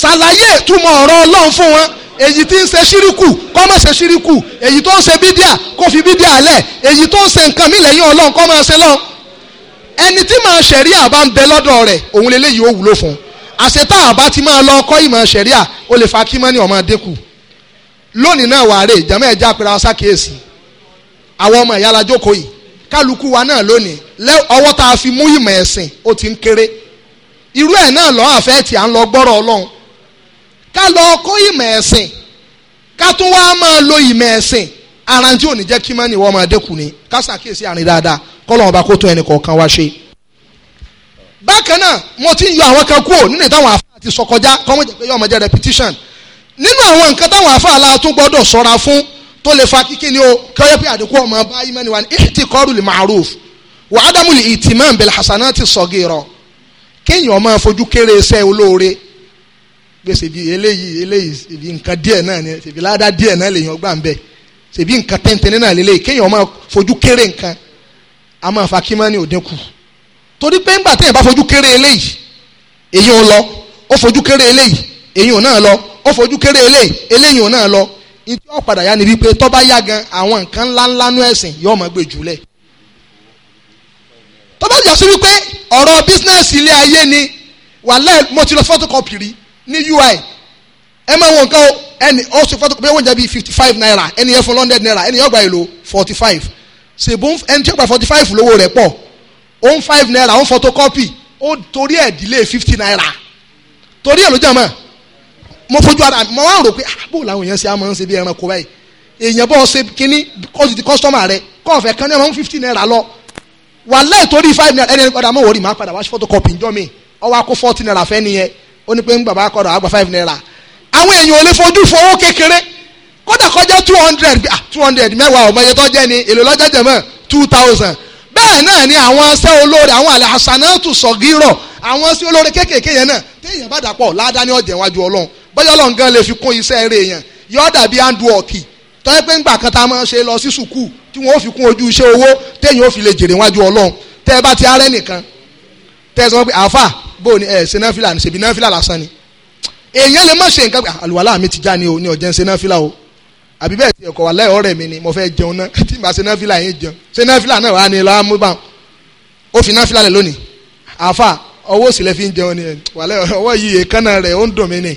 ṣàlàyé ìtumọ̀ ọ̀rọ̀ ọlọ́run fún wọn èyí tí ń ṣe ṣíríkù kó má ṣe ṣíríkù èyí tó ń ṣe bídíà kó fi bídíà lẹ̀ èyí tó ń ṣe nǹkan mí lẹ́yìn ọlọ́run kó máa ṣe lọ́run ẹni tí màá ṣẹ̀ríà bá ń bẹ lọ́dọ̀ rẹ̀ òun lélẹ́yìí ó wúlò fún un àṣetá àbá ti máa lọ ọkọ́ ìmọ̀ ṣẹ̀ríà ó lè fa kí mọ́ni ọmọ dínkù lónìí náà wà rè ìjàmọ́ ẹ̀já pera wa sákèésì àwọn ọmọ ìyá la jókòó yìí kálukú wa náà lónìí ọwọ́ tá a fi mú ìmọ̀ ẹ̀sìn ó ti ń kéré irú ẹ̀ náà lọ́ọ́ àfẹ́ tí à ń lọ gbọ́rọ̀ ọlọ́run ká lọ kó ìmọ̀ ẹ̀sìn ká tún wá máa lo ìmọ̀ ẹ̀sìn aranjú òní jẹ́ kí mọ́ ni wọ́n máa dẹ́kun ni ká ṣàkíyèsí àárín dáadáa kọ́lọ́wọ́n bá kó tó ẹnì kọ̀ọ̀kan wá ṣe. bákan náà mo ti ń yọ àwọn kan kúrò nínú ìtàwọn àfáà àti sọkọjá kọ́mọ́jẹ́ pé yọ̀ọ́mọ́jẹ́ repetition nínú àwọn nǹkan táwọn afáàlà tún gbọ́dọ̀ sọ́ra fún tó lè fa kíkí ni o kí ọ yẹ pé àdínkù ọmọ bá imani wa ni ihtiqaru li ma'ruf wa adamu li itimam bil hasanati sagira kéèyàn máa fojú kéré iṣẹ́ olóore gbèsè bíi eléyìí eléyìí ṣèbí nǹkan díẹ̀ náà ni ṣèbí ládàá díẹ̀ náà lèyàn gbà ń bẹ̀ ṣèbí nǹkan tẹ́ntẹ́n náà lélẹ́yìí kéèyàn máa fojú kéré nǹkan mani ò dínkù torí pé ńgbà téèyàn bá fojú kéré eléyìí èyí ò lọ ó fojú kéré eléyìí èyí ò ó fojú kéré eléyìí eléyìí ò náà lọ ìjọ ọ̀padà yá ni wípé tó bá yá gan àwọn nǹkan ńláńlá nú ẹ̀sìn yóò máa gbé jùlẹ̀ tó bá yà wípé ọ̀rọ̀ bísínẹ́sì ilé ayé ni wàhálà mo ti lọ photocopy rí ní UI ẹ máa wọ nǹkan o ẹni ó ṣe photocopy owó ń bíi fifty five naira ẹni yẹn fún hundred naira ẹni yẹn gba èlò forty five ṣèbó ẹni tí ó gba forty five lówó rẹ̀ pọ̀ ó five naira ó ń photocopy ó torí ẹ̀ dílé fifty naira torí ẹ̀ ló jẹ́ mọ́ mo fojú ara mo wá rò pé ah, bó làwọn èèyàn ṣe á máa ń ṣe bí ẹranko báyìí èèyàn bọ́ ṣe kínní kó ti di kọ́sítọ́mà rẹ kọ́ ọ̀fẹ́ kan ní ọmọ fifty naira lọ wàláì torí five naira ẹni padà mọ̀ wòrì máa padà wá sí photocopy njọ́ mi ọwọ́ akó forty naira fẹ́ nìyẹn ó ní pé ń bàbá akọ̀rọ̀ àgbà five naira àwọn èèyàn ò lè fojú fowó kékeré kódà kọjá two hundred ah, two hundred mẹ́wàá ọmọ iye tó ni èlò lọ́jà jẹ̀mọ́ two thousand bẹ́ẹ̀ náà ni àwọn ṣẹ́ olóore àwọn àlẹ́ àṣànà tù sọ̀gírọ̀ àwọn ṣẹ́ olóore kéékèèké yẹn náà téèyàn bóyá ọlọ́run gan lè fi kún iṣẹ́ eré yẹn yọ dàbí handwork tọ́jú pé ńgbà kan tá a máa ṣe lọ sí sùkúù tí wọ́n ó fi kún ojú iṣẹ́ owó téèyàn ó fi lè jèrè wájú ọlọ́run tẹ́ ẹ bá ti arẹ́ nìkan tẹ́ ẹ sọ pé àáfà bó ni ẹ ṣe náfìlà ni ṣèbí náfìlà lásán ni èèyàn lè má ṣe nǹkan pé àlùwàlá mi ti já ni o ní ọ̀jẹ̀ ń ṣe náfìlà o àbí bẹ́ẹ̀ ti ẹ̀kọ́ wà láì ọ̀rẹ́ mi ni mo fẹ́ jẹun náà tí màá ṣe náfìlà yẹn jẹun ṣe náfìlà náà wà ní lọ́wọ́ mú bá ó fi náfìlà lẹ̀ lónìí àáfà ọwọ́ òsì lẹ fi ń jẹun ni wàlẹ́ ọwọ́ yìí èékánná rẹ̀ ó ń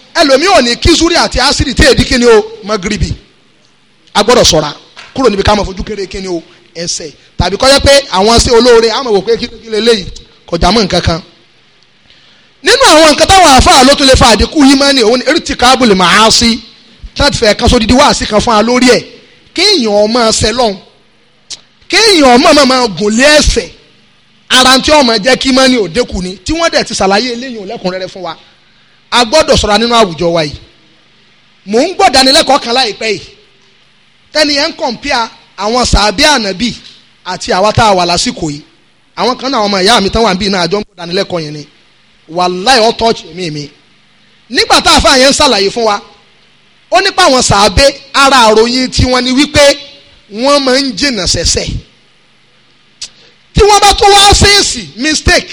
ẹlòmíì ò ní kízúrì àti asiri tí èdè kíni o magribi a gbọ́dọ̀ ṣọ́ra kúrò níbi ká máa fojú kéré kíni o ẹsẹ̀ tàbí kó jẹ́ pé àwọn sí olóore àwọn ọmọ wò pé kílè léyìí kọjá mọ́ nǹkan kan nínú àwọn nǹkan táwọn àáfàá ló tún lè fa àdínkù yìí mọ́ ni òun ni eriti káàbùlì máa sí láti fẹ́ kan sódìdí wá sí kan fún wa lórí ẹ̀ kéèyàn ọmọ ẹsẹ̀ kéèyàn ọmọ ọmọ máa ẹsẹ̀ ara ọmọ jẹ́ kí mọ́ ni òdekù ni tí wọ́n dẹ̀ ti ṣàlàyé eléyìí lẹ́kùnrẹ́rẹ́ fún wa a gbọ́dọ̀ ṣọ́ra nínú àwùjọ wa yìí mò ń gbọ́ dánilẹ́kọ̀ọ́ kan láìpẹ́ yìí tẹ́ni yẹn ń kọ̀m̀pìà àwọn sàbí ànábì àti àwa tá a wà lásìkò yìí àwọn kan náà àwọn ọmọ ìyá mi tán wà ń bí àjọ ń gbọ́ dánilẹ́kọ̀ọ́ yẹn ni wàláì ọ́ tọ́ọ̀chì èmi mi nígbà tá a fà yẹn ń ṣàlàyé fún wa ó nípa àwọn sàbẹ́ ara àròyìn tiwọn ni wípé wọ́n máa ń jìnà sẹ́sẹ́ tí wọ́n bá tó wá ṣèèṣì mistake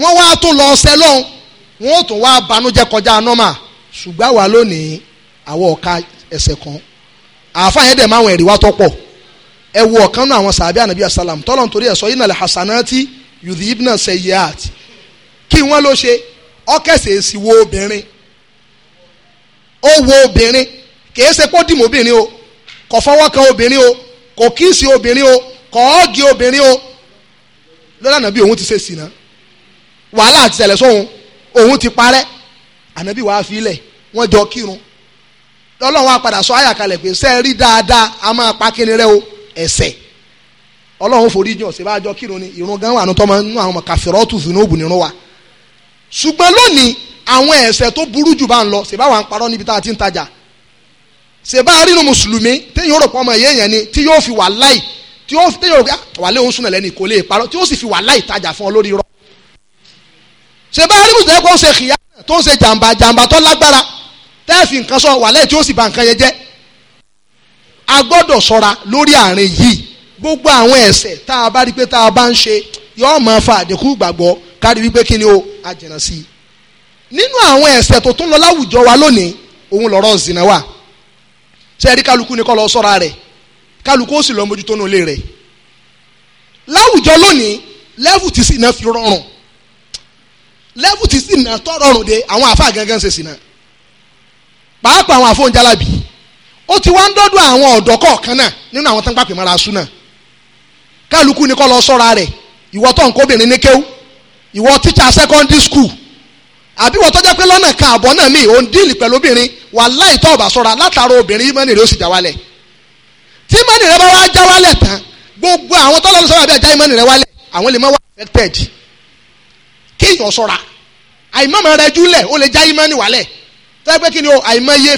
wọ́n wá tó lọ ọ̀sẹ̀ lọ́hùn wọn ò tún wá banújẹ́ kọjá nọ́mà ṣùgbọ́n àwa lónìí àwọn ọ̀ka ẹsẹ̀ kan àáfà yẹn dẹ̀ máa wọn ẹ̀rí wá tọ́pọ̀ ẹ wo ọ̀kan náà àwọn sàbí ànàbí asálàm tọ́lọ̀ nítorí ẹ̀ sọ yìí nàlẹ́ hasanati yudhibna sayyiat kí wọ́n ló ṣe ọ́kẹ́sẹ̀ èsì wo obìnrin ó wo obìnrin kìí ṣe pọ́ dìmọ̀ obìnrin o kò fọwọ́ kan obìnrin o kò kíìsì obìnrin o kò ọ́ọ̀gì obìnrin o lọ́lá nàbí òun ti ṣe sí náà wàhálà àti ṣẹlẹ̀ sóhun òun ti parẹ́ ànábì wàá filẹ̀ wọ́n jọ kírun lọ́lọ́run wa padà sọ àyàkálẹ̀ pé sẹ́ẹ̀ rí dáadáa a máa pa kíni rẹ o ẹ̀ṣẹ̀ ọlọ́run forí jìn ọ̀sẹ̀ bá jọ kírun ni ìrun gan wà ní tọ́mọ nínú àwọn kàfẹ́rọ́ tù fún òbí nínú wa ṣùgbọ́n lónìí àwọn ẹ̀ṣẹ̀ tó burú jù bá ń lọ ṣèbá wa ń parọ́ níbi tá a ti ń tajà ṣèbá rínú mùsùlùmí téèyàn rò pọ́ ọmọ ìyá èèyàn ni tí yóò fi wà láì tí yóò fi téèyàn rò pé ah, wà lé òun súnà lẹ́nu ṣe bá rí mùsùlùmí kó ṣe kìyà tó ń ṣe jàǹbá jàǹbá tó lágbára tẹ́ẹ̀fì nǹkan sọ wàhálà tí ó sì ba nǹkan yẹn jẹ́ a gbọ́dọ̀ ṣọ́ra lórí àárín yìí gbogbo àwọn ẹ̀ṣẹ̀ tá a bá rí pé tá a bá ń ṣe yóò máa fa àdínkù gbàgbọ́ kárí wípé kí ni o àjẹ̀nà sí i nínú àwọn ẹ̀ṣẹ̀ tó tún lọ láwùjọ wa lónìí òun lọ̀rọ̀ zina wà ṣe rí kálukú ni kó lọ ṣọ́ra rẹ̀ kálukú ó sì lọ mójútó nulẹ̀ rẹ̀ láwùjọ lónìí lẹ́fù tí sì náà fi rọrùn lẹ́fù ti sì nà tọ́ rọrùn de àwọn àfa gangan ṣe sì nà pàápàá àwọn àfọ̀n jalabi ó ti wá ń dọ́dọ̀ àwọn ọ̀dọ́ kọ̀ọ̀kan náà nínú àwọn tó ń pàpè mọ́ra sún náà kálukú ni kọ́ lọ sọ́ra rẹ̀ ìwọ tó ń kó obìnrin ní kéwú ìwọ tíṣà secondary school àbí wọ́n tọ́jà pé lọ́nà kan àbọ̀ náà mi òun díìlì pẹ̀lú obìnrin wà láì tọ́ ọ̀bà sọ́ra látara obìnrin ìmọ̀nì rẹ̀ ó sì já wálẹ̀ tí ìmọ̀nì rẹ̀ bá wá já wálẹ̀ tán gbogbo àwọn tọ́lọ́lù sọ́ra bí ajá ìmọ̀nì rẹ̀ wálẹ̀ àwọn lè má wá affected kéèyàn ṣọ́ra àìmọ̀mọ̀ rẹ júlẹ̀ ó lè já ìmọ̀ níwálẹ̀ tẹ́lẹ̀ pé kí ni o àìmọye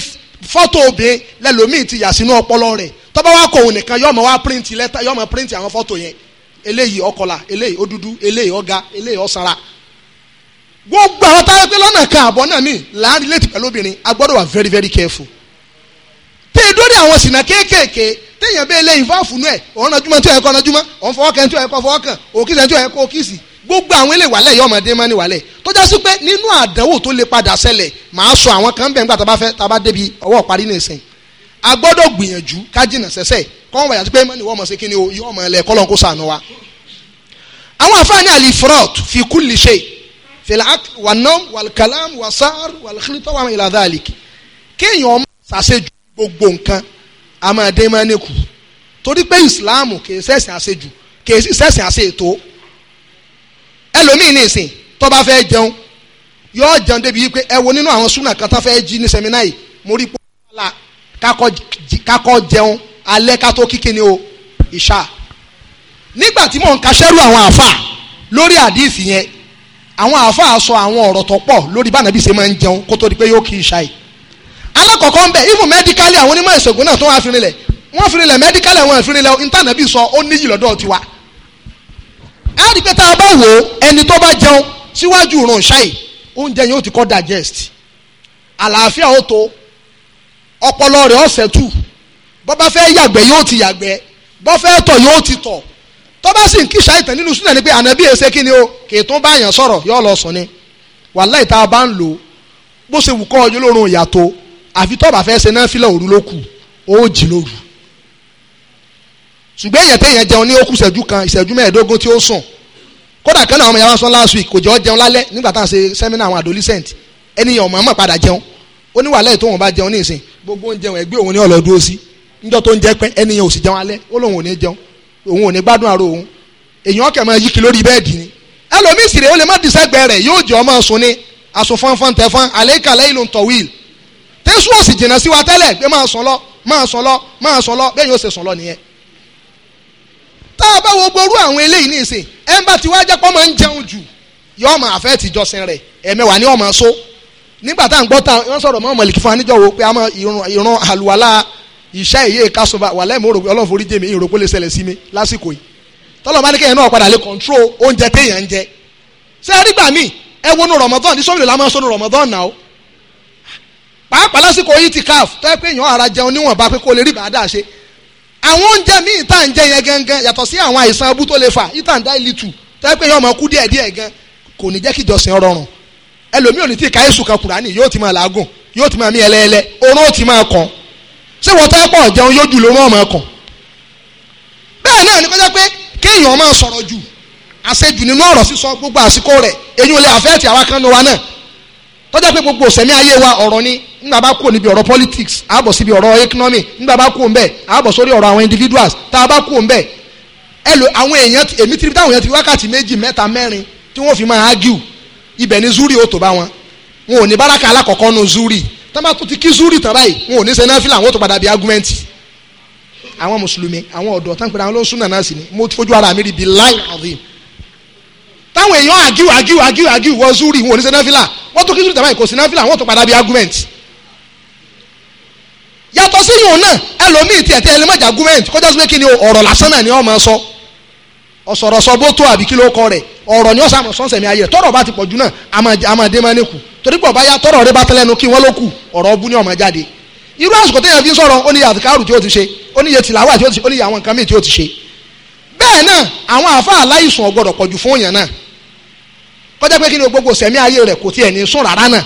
fọ́tò obìnrin lẹ́lòmíì ti yà sínú ọpọlọ rẹ̀ tó bá wá kọ òun nìkan yọ̀ọ̀mọ̀ wá píríǹtì lẹ́tà yọ̀ọ̀mọ̀ píríǹtì àwọn fọ́tò yẹn eléyìí ọkọlà eléyìí òdúdú eléyìí ọ̀gá eléyìí ọ̀sára gbogbo àwọn táyọ̀ pé lọ́nà kan àbọ̀ náà mi láàrin létí pẹ̀lú obìnrin a gbọ́dọ̀ wà very very careful tí ìdórí àwọn sìnà kéékèèké téèyàn bẹ́ẹ̀ lẹ́yìn fáfùnú ẹ̀ òun náà júmọ́ tí ó yẹ kó náà júmọ́ òun fọwọ́ kan tí ó yẹ kó fọwọ́ kan tí ó yẹ kó òkìsì gbogbo àwọn eléyìí wàlẹ̀ yọ ọmọdé mọ́ ní wàlẹ̀ tó jásí pé nínú àdánwò tó lè padà ṣẹlẹ̀ màá sọ àwọn kan bẹ̀ ńgbà tá a bá fẹ́ tá a bá débi ọwọ́ parí ní ìsìn a gbọ́dọ̀ gbìyànjú ká jìnà sẹ́sẹ́ kọ́n wà yàtí pé mọ́ wọ́n mọ̀ sí kíni o yọ ọmọ ẹlẹ́ kọ́lọ́n kó sànù wa. àwọn àfáàní alifrot fi kulli shay fil aql wal nawm kalam wal sa'r wa ila dhalik kéèyàn ṣàṣejù gbogbo nǹkan àmọ́ àdémánẹ́kù torí pé ìsìláàmù kì í ṣẹ̀sìn àṣejù ẹlòmíì ní ìsìn tó bá fẹ́ jẹun yóò jẹun débi wípé ẹ wo nínú àwọn súnà kan tó fẹ́ jí ní sẹ́mínà yìí mo rí pọ́nlá kakọ jẹun alẹ́ ká tó kíkẹ́ ni o ìṣá nígbà tí mò ń kaṣẹ́rù àwọn àáfàá lórí àdìsí yẹn àwọn àáfàá sọ àwọn ọ̀rọ̀ tó pọ̀ lórí bánàbí ṣe máa ń jẹun kó tó di pé yóò kí ìṣá yìí alákọ̀ọ́kọ́ ń bẹ̀ even medically àwọn onímọ̀ ìṣègùn náà tó wá fi rinlẹ̀ wọ́n fi rinlẹ̀ medically àwọn ìfirinlẹ̀ intanẹ́bí sọ ó níyì lọ́dọ̀ tiwa á rí pé tá a bá wò ó ẹni tó bá jẹun síwájú ìrun ṣáì oúnjẹ yẹn ó ti kọ́ digest àlàáfíà ó tó ọpọlọ rẹ̀ ọ̀sẹ̀ tù bó bá fẹ́ yàgbẹ́ yóò ti yàgbẹ́ bó fẹ́ tọ̀ yóò ti tọ̀ tó bá sì ń kí ṣáì tán nínú súnà ni pé ànábì èsè kí ni o kì í tún bá yàn sọ̀rọ̀ yóò lọ sùn ni wàláì tá bá ń lò bó ṣe wù kọ́ ọjọ́ lórun ìyàtọ̀ àfi tó bá fẹ́ ṣe náà fílẹ̀ òru ló kù ó jì lóru ṣùgbọ́n èèyàn téèyàn jẹun ní okùn ìṣẹ́jú kan ìṣẹ́jú mẹ́ẹ̀ẹ́dógún tí ó sùn kódà kan náà àwọn yàrá sọ last week kò jẹ́ ọ jẹun lálẹ́ nígbà tá à ń ṣe seminar àwọn adolescent ẹnìyàn ọ̀mọ̀ ọ̀mọ̀ padà jẹun ó ní wàhálà ètò òun bá jẹun ní ìsìn gbogbo oúnjẹ òun ẹgbẹ́ òun ní ọ̀lọ́ dúró sí níjọ́ tó ń jẹ pẹ́ ẹnìyàn ò sì jẹun alẹ́ ó lóun ò ní jẹun òun ò ní gbádùn ara òun èèyàn kẹ̀ máa yíkì lórí bẹ́ẹ̀dì ni ẹlòmíì sì rè ó lè má dìsẹ́gbẹ́ rẹ̀ yóò jẹ́ ọmọ sùn ní aṣọ fọ́nfọ́n tẹ fọ́n alẹ́ kàlẹ́ ìlú tọ̀wíìl tẹ́sùn ò sì jìnnà sí wa tẹ́lẹ̀ pé máa sùn lọ máa sùn lọ máa sùn lọ bẹ́ẹ̀ yóò ṣe sùn lọ nìyẹn tá a bá wo gboru àwọn eléyìí ní ìsìn ẹ ń bá ti wá jẹ́ pọ́ máa ń jẹun jù yóò máa fẹ́ ti jọsìn rẹ̀ ẹ̀mẹ́wàá ni wọ́n so nígbà tá à ń gbọ́ tá wọ́n sọ̀rọ̀ mọ́ mọ̀lìkì fún aníjọ́ wo pé àmọ́ ìran àlùwalá ìṣá ìyé kásùbà wà lẹ́mú òrò ọlọ́run forí jèmi ìrò pé lè ṣẹlẹ̀ sí mi lásìkò yìí tọ́lọ̀ bá ní kéèyàn náà padà lè kọ̀ntró oúnjẹ téèyàn ń jẹ ṣé ẹ rígbà míì ẹ wọnú rọmọdán ní sọ́mìlì lámọ́ sọ́nù rọmọdán náà o pàápàá lásìkò yìí ti káf tẹ́ pé èèyàn ara jẹun níwọ̀nba pé kó lè rí bàdá ṣe àwọn oúnjẹ míì tá à ń jẹ yẹn gangan yàtọ̀ sí àwọn àìsàn abú tó lè fà ìtà ń dá ilé tù tẹ́pẹ́ yóò máa kú díẹ̀ díẹ̀ gan kò ní jẹ́ kí ìjọsìn rọrùn ẹlòmíì ò ní tí ì káyésù kan kùránì yóò ti máa làágùn yóò ti máa mí ẹlẹ́ẹlẹ́ oró ti máa kàn ṣé wọ́n tẹ́pọ̀ jẹun yóò jù lóró ọmọ kàn bẹ́ẹ̀ náà ni kọjá pé kéèyàn máa sọ̀rọ̀ jù àṣejù nínú ọ̀rọ̀ sísọ gbogbo àsìkò rẹ̀ eyín olè àfẹ́ẹ̀tì àwa kan nu wa náà tọ́jà pé gbogbo òsẹ̀mí ayé wa ọ̀rọ̀ ni ńgbà bá kú níbi ọ̀rọ̀ politics àbọ̀ síbi ọ̀rọ̀ economy ńgbà bá kú ńbẹ̀ àbọ̀ sórí ọ̀rọ̀ àwọn individuals tá a bá kú ńbẹ̀ ẹ lo àwọn èèyàn èmi tí táwọn èèyàn ti wákàtí méjì mẹ́ta mẹ́rin tí wọ́n fi máa argue ibẹ̀ ni zuri ó tó bá wọn wọn ò ní báraka alákọ̀ọ́kọ́ nu zuri zuri tán báyìí wọn ò ní wọn ó tó padà bí àwọn mùsùlùmí àwọn ọ̀dọ́ àwọn ló ń ni mo ti fojú ara mi rí bi láì zuri wọn wọ́n tó kí sùn tàbáyé kò sí náfìlà wọ́n tó padà bí argument yàtọ̀ sí yòó náà ẹlòmíì tiẹ̀ tẹ́ ẹlẹ́mọ̀jà argument kọjá sí pé kí ni ọ̀rọ̀ lásán náà ni wọ́n máa sọ ọ̀sọ̀rọ̀ sọ bó tó àbí kí ló kọ rẹ̀ ọ̀rọ̀ ni ọ̀sán àmọ̀ sọ́nsẹ̀mí ayé tọ́rọ̀ bá ti pọ̀ jù náà àmàdé máa ní kù torí pé ọ̀bá yá tọ́rọ̀ rẹ bá tẹ́lẹ́nu kí wọ́n ló kù ni ọmọ jáde irú àsìkò téèyàn fi ń sọ̀rọ̀ ó ní àtìkárù tí ó ti ṣe ó ní iye tìlàwà tí ó ti ṣe ó ní iye àwọn nǹkan míì tí ó ti ṣe bẹ́ẹ̀ kọjá pé kí ni gbogbo sẹ̀mí ayé rẹ̀ kò tiẹ̀ ní sùn rárá náà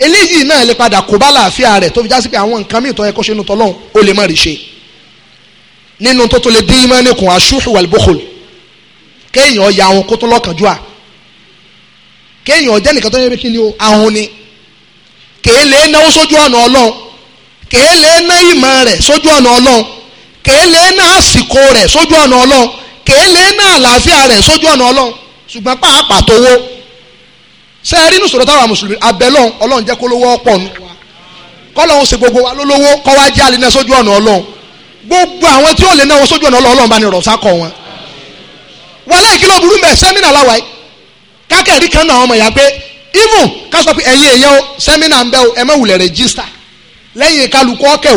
eléyìí náà lè padà kó bá làáfíà rẹ̀ tó fi já sí pé àwọn nǹkan míì tó yẹ kó ṣe inú tọ́lọ́hún ó lè má rí ṣe nínú tó tó lè dín imá ní kun aṣúhù wàlúbókòlù kéèyàn ya àwọn kó tó lọ́kàn jù à kéèyàn jẹ́ nìkan tó yẹ kí ni o ni kèé lè náwó sójú ọ̀nà ọlọ́run kèé lè ná ìmọ̀ rẹ̀ sójú ọ̀nà ọlọ́run kèé lè ná àsìkò rẹ̀ sójú ọ̀nà ọlọ́run kèé lè ná àlàáfíà rẹ̀ sójú ọ̀nà ọlọ́run ṣùgbọ́n pàápàá tó ṣé ẹ rí inú sọ̀rọ̀ táwọn mùsùlùmí abẹ́lọ́n ọlọ́run jẹ́ kó lówó ọ̀pọ̀ kọ́lọ́run ṣe gbogbo wa lólówó kọ́ wá jẹ́ àlẹ́ sójú ọ̀nà ọlọ́run gbogbo àwọn tí ó lè náwó sójú ọ̀nà ọlọ́run bá ní rọ̀ sákọ̀ wọn. burú mẹ́ sẹ́mínà kákẹ́rì kan náà ọmọ ìyá pé even ká pé ẹ̀yin èèyàn o sẹ́mínà ń bẹ o ẹ má wulẹ̀ rẹ́gísítà lẹ́yìn kálukú ọ̀kẹ́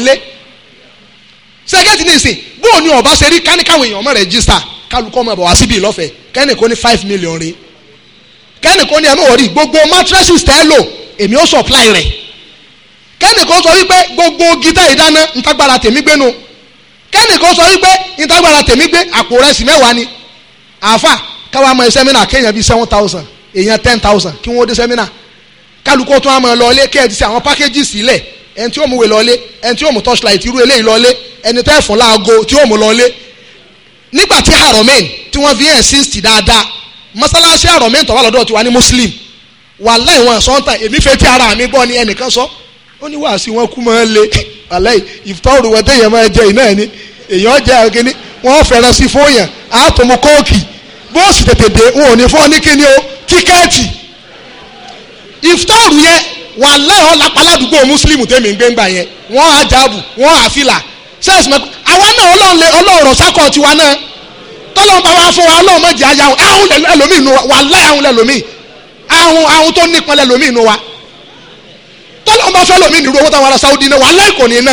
ibi sẹ́gẹ́tì ní ìsìn bóun ni ọba ṣe rí káníkàwé èèyàn ọmọ rẹ̀jísítà kálukọ́ ọmọ ìbọ̀wá síbi ìlọ́fẹ̀ kẹ́ni kò ní five million rí kẹ́ni kò ní ẹ̀ mọ̀ wọ̀rí gbogbo mattresses tẹ́ lò èmi ó supply rẹ̀ kẹ́ni kò sọ wípé gbogbo gita ìdáná ntagbára tèmi gbé nu kẹ́ni kò sọ wípé ntagbára tèmi gbé àpò rẹsì mẹ́wàá ni àáfà káwa mọ sẹ́mínà kéèyàn bíi seven thousand èèyàn ten thousand kí wọ́n dé sẹ́mínà kálukọ́ tún á mọ lọ ilé kẹ́ẹ̀ ti sẹ́ àwọn packages sílẹ̀ ẹni tí ó mú wè lọlé ẹni tí ó mú torchlight irú eléyìí lọlé ẹni tẹ́ fún láago tí ó mú lọlé nígbà tí haromain tí wọ́n fi hàn sísì dáadáa mọ́sálásí haromain tó wà lọ́dọ̀ tiwa ní muslim wàláì wọn sọ́ńtà èmi fẹ́ tí ara mi gbọ́ ni ẹnìkan sọ ó ní wàásù wọn kú máa ń le wàláì ìfọwọ́rù wọn téèyàn máa jẹ iná ẹni èèyàn jẹ àgbẹ̀ni wọn fẹ́ràn sí fóyàn àtọmọ kóòkì bóòsì tètè dé wọn ò ní fọ́ ní kíni o tíkẹ́ẹ̀tì ìfọwọ́rù yẹn wà lẹ́hìn ọ̀làpá ládùúgbò mùsùlùmù tẹ́mi gbẹ́ngbà yẹn wọ́n á jáàbù wọ́n á fìlà sẹ́ẹ̀sì mẹ́kọ́ àwa náà ọlọ́run lè ọlọ́run sákọ̀ tiwa náà tọ́lọ́run bá wa fún wa ọlọ́run mọ̀jì ayá ahun lẹ́lòmíì nu wa wà lẹ́hìn ahun lẹ́lòmíì ahun ahun tó nípọn lẹ́lòmíì nu wa tọ́lọ́run bá fẹ́ lòmíì nírú owó táwọn ará Saudi náà wà lẹ́hìn ní ná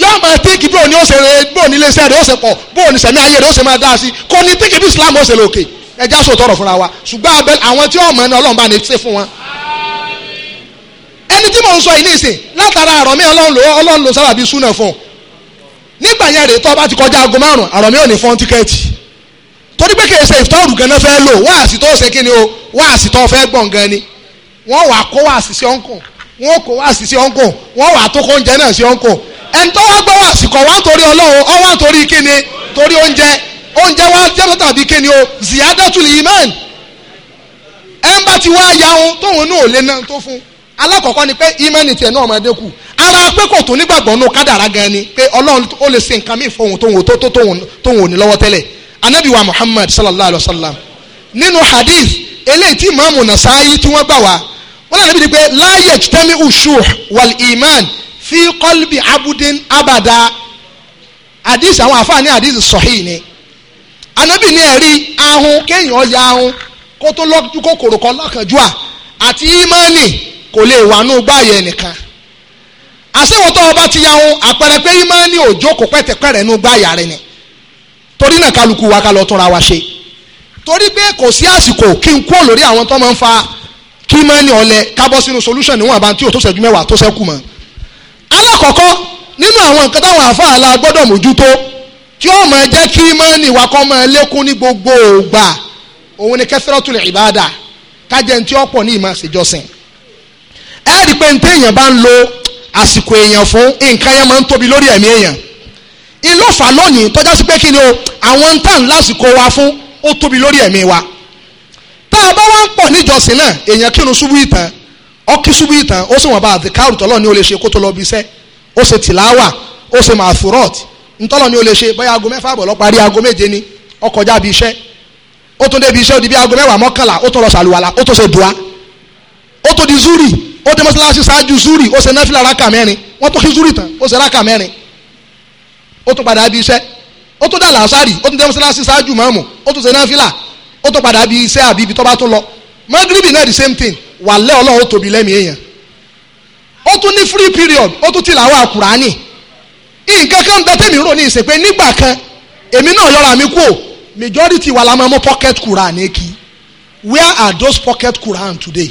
yóò máa tíìkì bóun ni ó ṣe bóun ni iléeṣẹ́ rẹ̀ ó pọ̀ bóun ni sẹ̀mí ayé rẹ̀ ó ṣe máa dá sí kò ní tíìkì bí Islam ó ṣe lòkè ẹja sòtọ̀rọ̀ fúnra wa ṣùgbọ́n abẹ́ àwọn tí ó mọ̀ ní ọlọ́run bá ní ṣe fún wọn ẹni tí mò ń sọ yìí nìsín látara àrọ̀mí ọlọ́run ló sábà bí súnà fún un nígbà yẹn rèé tó bá ti kọjá aago márùn àrọ̀mí ò ní fọ́n tíkẹ́ẹ̀tì torí pé kì í ṣe ìfitọ́rù gan fẹ́ lò wáàsí tó ṣe kí ni o wáàsí tó fẹ́ gbọ̀n gan ni wọ́n wàá kó wáàsí sí ọ̀nkùn wọ́n kó wáàsí sí ọ̀nkùn wọ́n wàá tó kó oúnjẹ náà sí ọ̀nkùn ẹni tó wá gbọ́ wáàsí kọ̀ wá ń torí ọlọ́run ọ wá torí kí ni torí oúnjẹ oúnjẹ wá jẹ́ tó tàbí kí ni o ziyadatul iman ẹ̀ ń bá ti wá ya ohun tóun náà ò lè náà tó fún un alákọ̀ọ́kọ́ ni pé ìmánì tiẹ̀ náà máa dínkù ara pé kò tó nígbàgbọ́ nù kádàrá gan ni pé ọlọ́run ó lè ṣe nǹkan mí fóun tóun tó ò ní lọ́wọ́ tẹ́lẹ̀ anabi muhammad sallallahu alayhi wa sallam nínú hadith eléyìí tí imaamu nasaayi tí wọ́n gbà wá wọ́n lànà bíi pé la yajtami'u shuh wal iman fi qalbi abudin abada hadith àwọn àfáàní hadith sahih ni anabi ní ẹ̀rí ahun kéèyàn ya ahun kó tó lọ́jú kòkòrò àti ìmánì kò lè wà nù gbáàyè ẹnìkan àṣewọ̀n tó o bá ti ya ohun àpẹẹrẹ pé ìmánì òjò kò pẹ̀tẹ̀pẹ̀rẹ̀ nù gbáàyà rẹ ni torí náà kálukú wa ká lọ túnra wa ṣe torí pé kò sí àsìkò kí n kúrò lórí àwọn tó máa ń fa kí ìmánì ọlẹ kábọ́ sínú solution níwọ̀n àbá tí o tó ṣẹ́jú mẹ́wàá tó ṣẹ́kù mọ́ alákọ̀ọ́kọ́ nínú àwọn nǹkan táwọn àfáàlà gbọ́dọ̀ mójútó tí ó máa jẹ́ kí ìmánì wa kó máa lékún ní gbogbo ògbà òun ni kẹsìrọ́tù ìbáàdà kájẹ́ ní tí ó pọ̀ ní ìmọ̀ àṣejọ́sìn ẹ rí i pé ntẹ èèyàn bá ń lo àsìkò èèyàn fún nǹkan yẹn máa ń tóbi lórí ẹ̀mí èèyàn ìlọ́fà lónìí tọ́já sí pé kí ni o àwọn ń tàn lásìkò wa fún ó tóbi lórí ẹ̀mí wa tá a bá wá ń pọ̀ níjọsìn náà èèyàn kírun ṣubú ìtàn ọkí ṣubú ìtàn ó sì wọ́n bá àdìkárù tọ́lọ́ ni ó lè ṣe kó tó lọ bí iṣẹ́ ó ṣe tìláwà ó ṣe màfúrọ́ọ̀tì ntọ́lọ́ ni ó lè ṣe bóyá aago mẹ́fà àbọ̀ lọ parí aago méje ni ó bí iṣẹ́ ó tún débi iṣẹ́ ó bí aago mẹ́wàá mọ́kànlá ó tún lọ ṣàlùwàlà ó tún ṣe dùá ó tún di zúrì ó dé mọ́sálásí ṣáájú zuri ó ṣe náfìlà rákà mẹ́rin wọ́n tó kí zuri tán ó ṣe rákà mẹ́rin ó tún padà bí iṣẹ́ ó tún dà làásàrì ó tún dé mọ́sálásí ṣáájú mọ́mù ó tún ṣe náfìlà ó tún padà bí iṣẹ́ àbí tó bá tún lọ mọ́gírìbì náà the same thing wà lẹ́ ọlọ́run ó tóbi lẹ́mìí èèyàn ó tún ní free period ó tún ti làwọn àkùránì nǹkan kan bẹ tẹ́mi rò ní ìsìnkú nígbà kan èmi náà yọra mi kú o majority wà lámọ́ mọ́ pocket Quran kì where are those pocket Quran today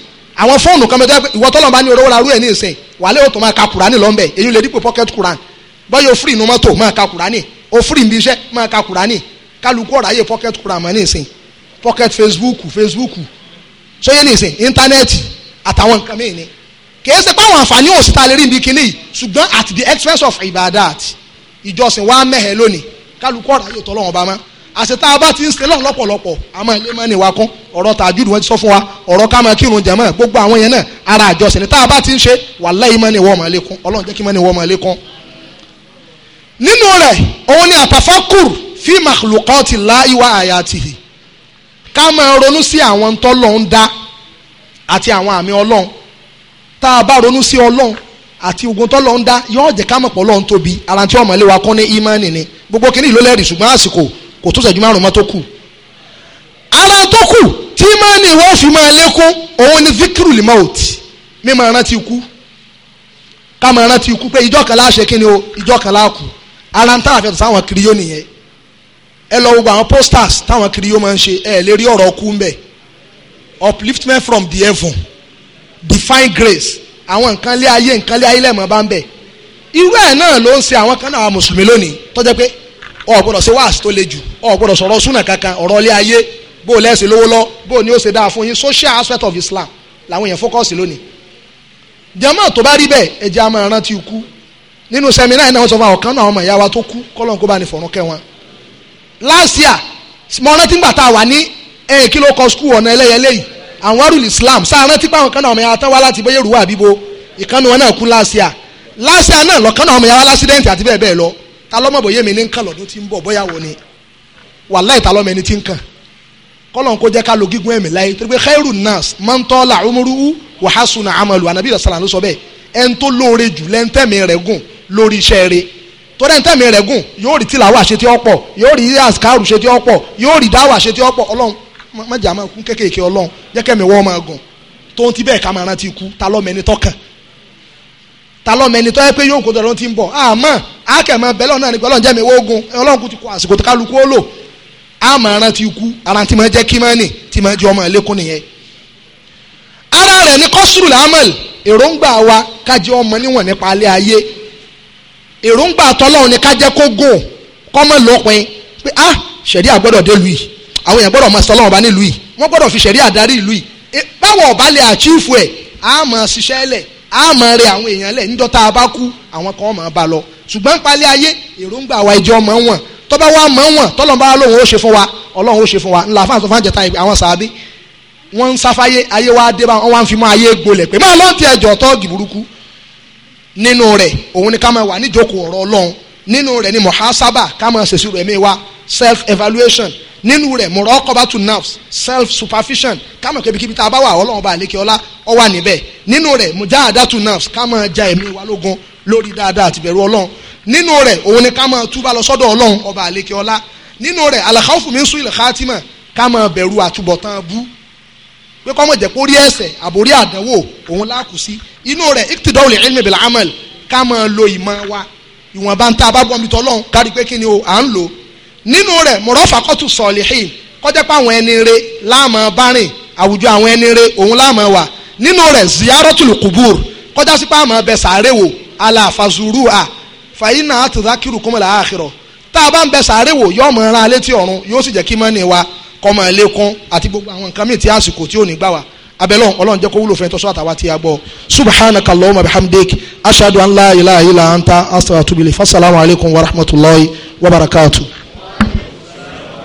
àwọn fóònù kan bẹ́ẹ̀ ìwọ tọ́lọ̀ bá ní orówó la rú ẹ̀ ní ìsìn wàhálẹ́ òtò máa ka kùránì lọ́nbẹ̀ èyí lè dípò pocket kùránì bọ́yọ̀ fúrì inú mọ́tò máa ka kùránì o fúrì níbi iṣẹ́ máa ka kùránì kálukú ọ̀rọ̀ ayé pocket kùránì mọ́ ní ìsìn pocket facebook facebook sóyè ní ìsìn íńtánẹ́ẹ̀tì àtàwọn nǹkan mìíràn ni kì í ṣe pé àwọn àǹfààní òsì ta lè rí ibi kìíní yìí ṣùgbọ́n at the expense of ibadat ìjọsìn wa mẹ́hẹ̀ lónìí kálukú ọ̀rọ̀ ayé tọ́lọ́wọ́n bá máa àṣetá bá ti ń ṣe lọ́n lọ́pọ̀lọpọ̀ àmọ́ ilé mọ́ni wa kún ọ̀rọ̀ tàjú ni wọ́n ti sọ fún wa ọ̀rọ̀ ká máa kírun jẹ̀mọ́ gbogbo àwọn yẹn náà ara àjọṣe ni tá a bá ti ń ṣe wàláhì mọ́ni wọ́n máa lékún ọlọ́run jẹ́ kí mọ́ni wọ́n máa lékún. nínú rẹ̀ òun ni àtàfákùr fi màlúkọ́tì láìwá àyàtìhì ká máa ronú sí àwọn tọ́lọ̀ ń dá àti àwọn àmì ọlọ́run tá a bá ronú sí ọlọ́run àti ogun tọ́lọ̀ ń dá yóò jẹ́ ká mọ̀ pọ̀ lọ́run tóbi ara tí ọmọ ilé wa kún ní ímánì ni gbogbo kìnnì ló kò tún ṣẹ́jú márùn-ún mọ́ tó kù ara tó kù tí máa ní ìwọ fi máa lékún òun ni zikiru lè máa òtì mi máa rántí ikú ká máa rántí ikú pé ìjọ kan láṣẹ kí ni o ìjọ kan láàkú ara ń tààfẹ́ sáwọn kiri yóò nìyẹn ẹ lọ gbogbo àwọn posters táwọn kiri máa ń ṣe ẹ lè rí ọ̀rọ̀ kú ń upliftment from the heaven divine grace àwọn nǹkan lé ayé nǹkan lé ayé lẹ́mọ̀ bá ń bẹ̀ irú ẹ̀ náà ló ń ṣe àwọn kan náà àwọn mùsùlùmí lónìí tó pé ọ gbọ́dọ̀ ṣe wáàsí tó le jù ọ gbọ́dọ̀ sọ̀rọ̀ súnà kankan ọ̀rọ̀ ilé ayé bó o lẹ́sìn lówó lọ bó o ní ó ṣe dáa fún yín social aspect of Islam làwọn èèyàn fókọ́sì lónìí jàmá tó bá rí bẹ́ẹ̀ ẹ jẹ́ a máa rántí ikú nínú sẹ́mínà yìí náà wọ́n sọ fún àwọn kan náà ọmọ ìyá wa tó kú kọ́lọ́n kó bá ní fọ̀rùn kẹ́ last year mo rántí gbà tá a wà ní ẹ̀yìn kí ló kọ skul ọ̀nà ẹlẹ́yẹlé yìí àwọn arúlù Islam sáà rántí pé àwọn kan náà ọmọ ìyá tán wá láti bóyá ìrùwà àbíbo ìkànnì wọn náà kú last year last year náà lọ́kàn náà ọmọ ìyá wa lásìdẹ́ǹtì àti bẹ́ẹ̀ bẹ́ẹ̀ ta lọ́mọ bòye mi ní nǹkan lọ́dún tí ń bọ̀ bóyá wo ni wàláì ta lọ́mọ ẹni tí ń kàn kọ́lọ́n kó jẹ́ ká lo gígùn ẹ̀mí láyé torí pé khairu nas man tola umuruhu wa hasuna amalu anabi rasalan ló sọ bẹ́ẹ̀ ẹni tó lóore jù lẹ́ńtẹ̀mí rẹ̀ gùn lórí iṣẹ́ rẹ̀ torí ẹni tẹ̀mí rẹ̀ gùn yóò rí tìlàwọ́ àṣetí ọ̀pọ̀ yóò rí àṣkárù ṣetí ọ̀pọ̀ yóò rí dáwọ́ àṣetí ọ̀pọ̀ ọlọ́run mọ̀jà máa kún kékèké ọlọ́run jẹ́ kẹ́mi máa gùn tó ń ti bẹ́ẹ̀ ká máa rántí ikú ta ẹni tọ́kàn ta lọ́mọ ẹni tó yẹ pé yóò kó dọ̀rọ̀ ti ń bọ̀ àmọ́ àkẹ́mọ́ bẹ́lọ̀ náà ni pé ọlọ́run jẹ́ mi wógun ọlọ́run kú ti kọ àsìkò tó kálukú ó lò àmọ́ ara ti kú ara ti máa jẹ́ kí máa nì ti máa jẹ́ ọmọ ẹlẹ́kùn nìyẹn. ara rẹ̀ ni kọ́sùrù làmọ̀l èròǹgbà wa kájẹ́ ọmọ níwọ̀n nípa alẹ́ ayé èròǹgbà tọ́lọ́run ni kájẹ́ kó gùn kọ́mọ lópin pé ah ṣẹ̀rí àgbọ́dọ̀ dé lu yìí àwọn èèyàn gbọ́dọ̀ máa sọlọ́run ọba nílùú yìí wọ́n gbọ́dọ̀ fi ṣẹ̀rí àdarí a máa rẹ àwọn èèyàn lẹ̀ níjọ́ tá a bá kú àwọn kan máa bá lọ ṣùgbọ́n palẹ̀ ayé èròǹgbà wa ìjọ mọ̀ wọ̀n tọ́ba wa mọ̀ wọ̀n tọ́lọ́n bá lóun ó ṣe fún wa ọlọ́run ó ṣe fún wa ńlá fáwọn sọfún àjẹta àwọn sàábí wọ́n ń sáfáyé ayé wa dé bá wọn wá ń fi mọ́ ayé gbolẹ̀ pé máa lọ́ọ̀tì ẹ̀jọ̀ tọ́ọ̀gì burúkú nínú rẹ̀ òun ni ká máa wà níjókòó ọ̀rọ̀ ọlọ́run nínú rẹ̀ ni muhasaba wa self evaluation nínú rẹ̀ muraqabatu nafs self supervision kámọ̀ kébikébi tá a bá wà ọlọ́run bá lékè ọlá ọ wà níbẹ̀ nínú rẹ̀ mujahadatu nafs kámọ̀ ja ẹ̀mí wa lógun lórí dáadáa àti bẹ̀rù ọlọ́run nínú rẹ̀ òun ni kámọ̀ túbà lọ sọ́dọ̀ ọlọ́run ọba àlékè ọlá nínú rẹ̀ al-khawfu min su'il khatima kámọ̀ bẹ̀rù àtúbọ̀tán bú pé kọ́mọ̀ jẹ́ kórí ẹ̀sẹ̀ àbórí àdánwò òun láàkú sí inú rẹ̀ iktidawul ilmi bil amal kámọ̀ lo ìmọ̀ wa ìwọ̀nba ń ta abábọ̀mìtọ́ ọlọ́run kárí pé kí ni o à ń lò nínú rẹ̀ mọ̀rọ́fàkọ́tù sọ̀lìhìn kọjá pé àwọn ẹni re láàmú bárìn àwùjọ àwọn ẹni re òun láàmú wà nínú rẹ̀ ziyarọ́tùlù kùbúr kọjá sí pé àmọ́ bẹ sàárè wò aláfàzúrú à fàyínà àtúndákìrù kọ́mọ̀lá àkìrọ̀ tá a bá ń bẹ sàárè wò yóò mọ̀ ẹ́ran létí ọ̀run yóò sì jẹ́ kí mọ́ni wa kọ́mọ ẹlẹ́kún àti gbogbo àwọn nǹkan mìíràn tí àsìkò tí ò ní gbà wá abẹ́lọ́n ọlọ́run jẹ́ kó wúlò fún tọ́sọ́ àtàwà tí a gbọ́ subhanaka allahumma bihamdik ashadu an ilaha illa anta astaghfiruka wa rahmatulahi wa barakatuh.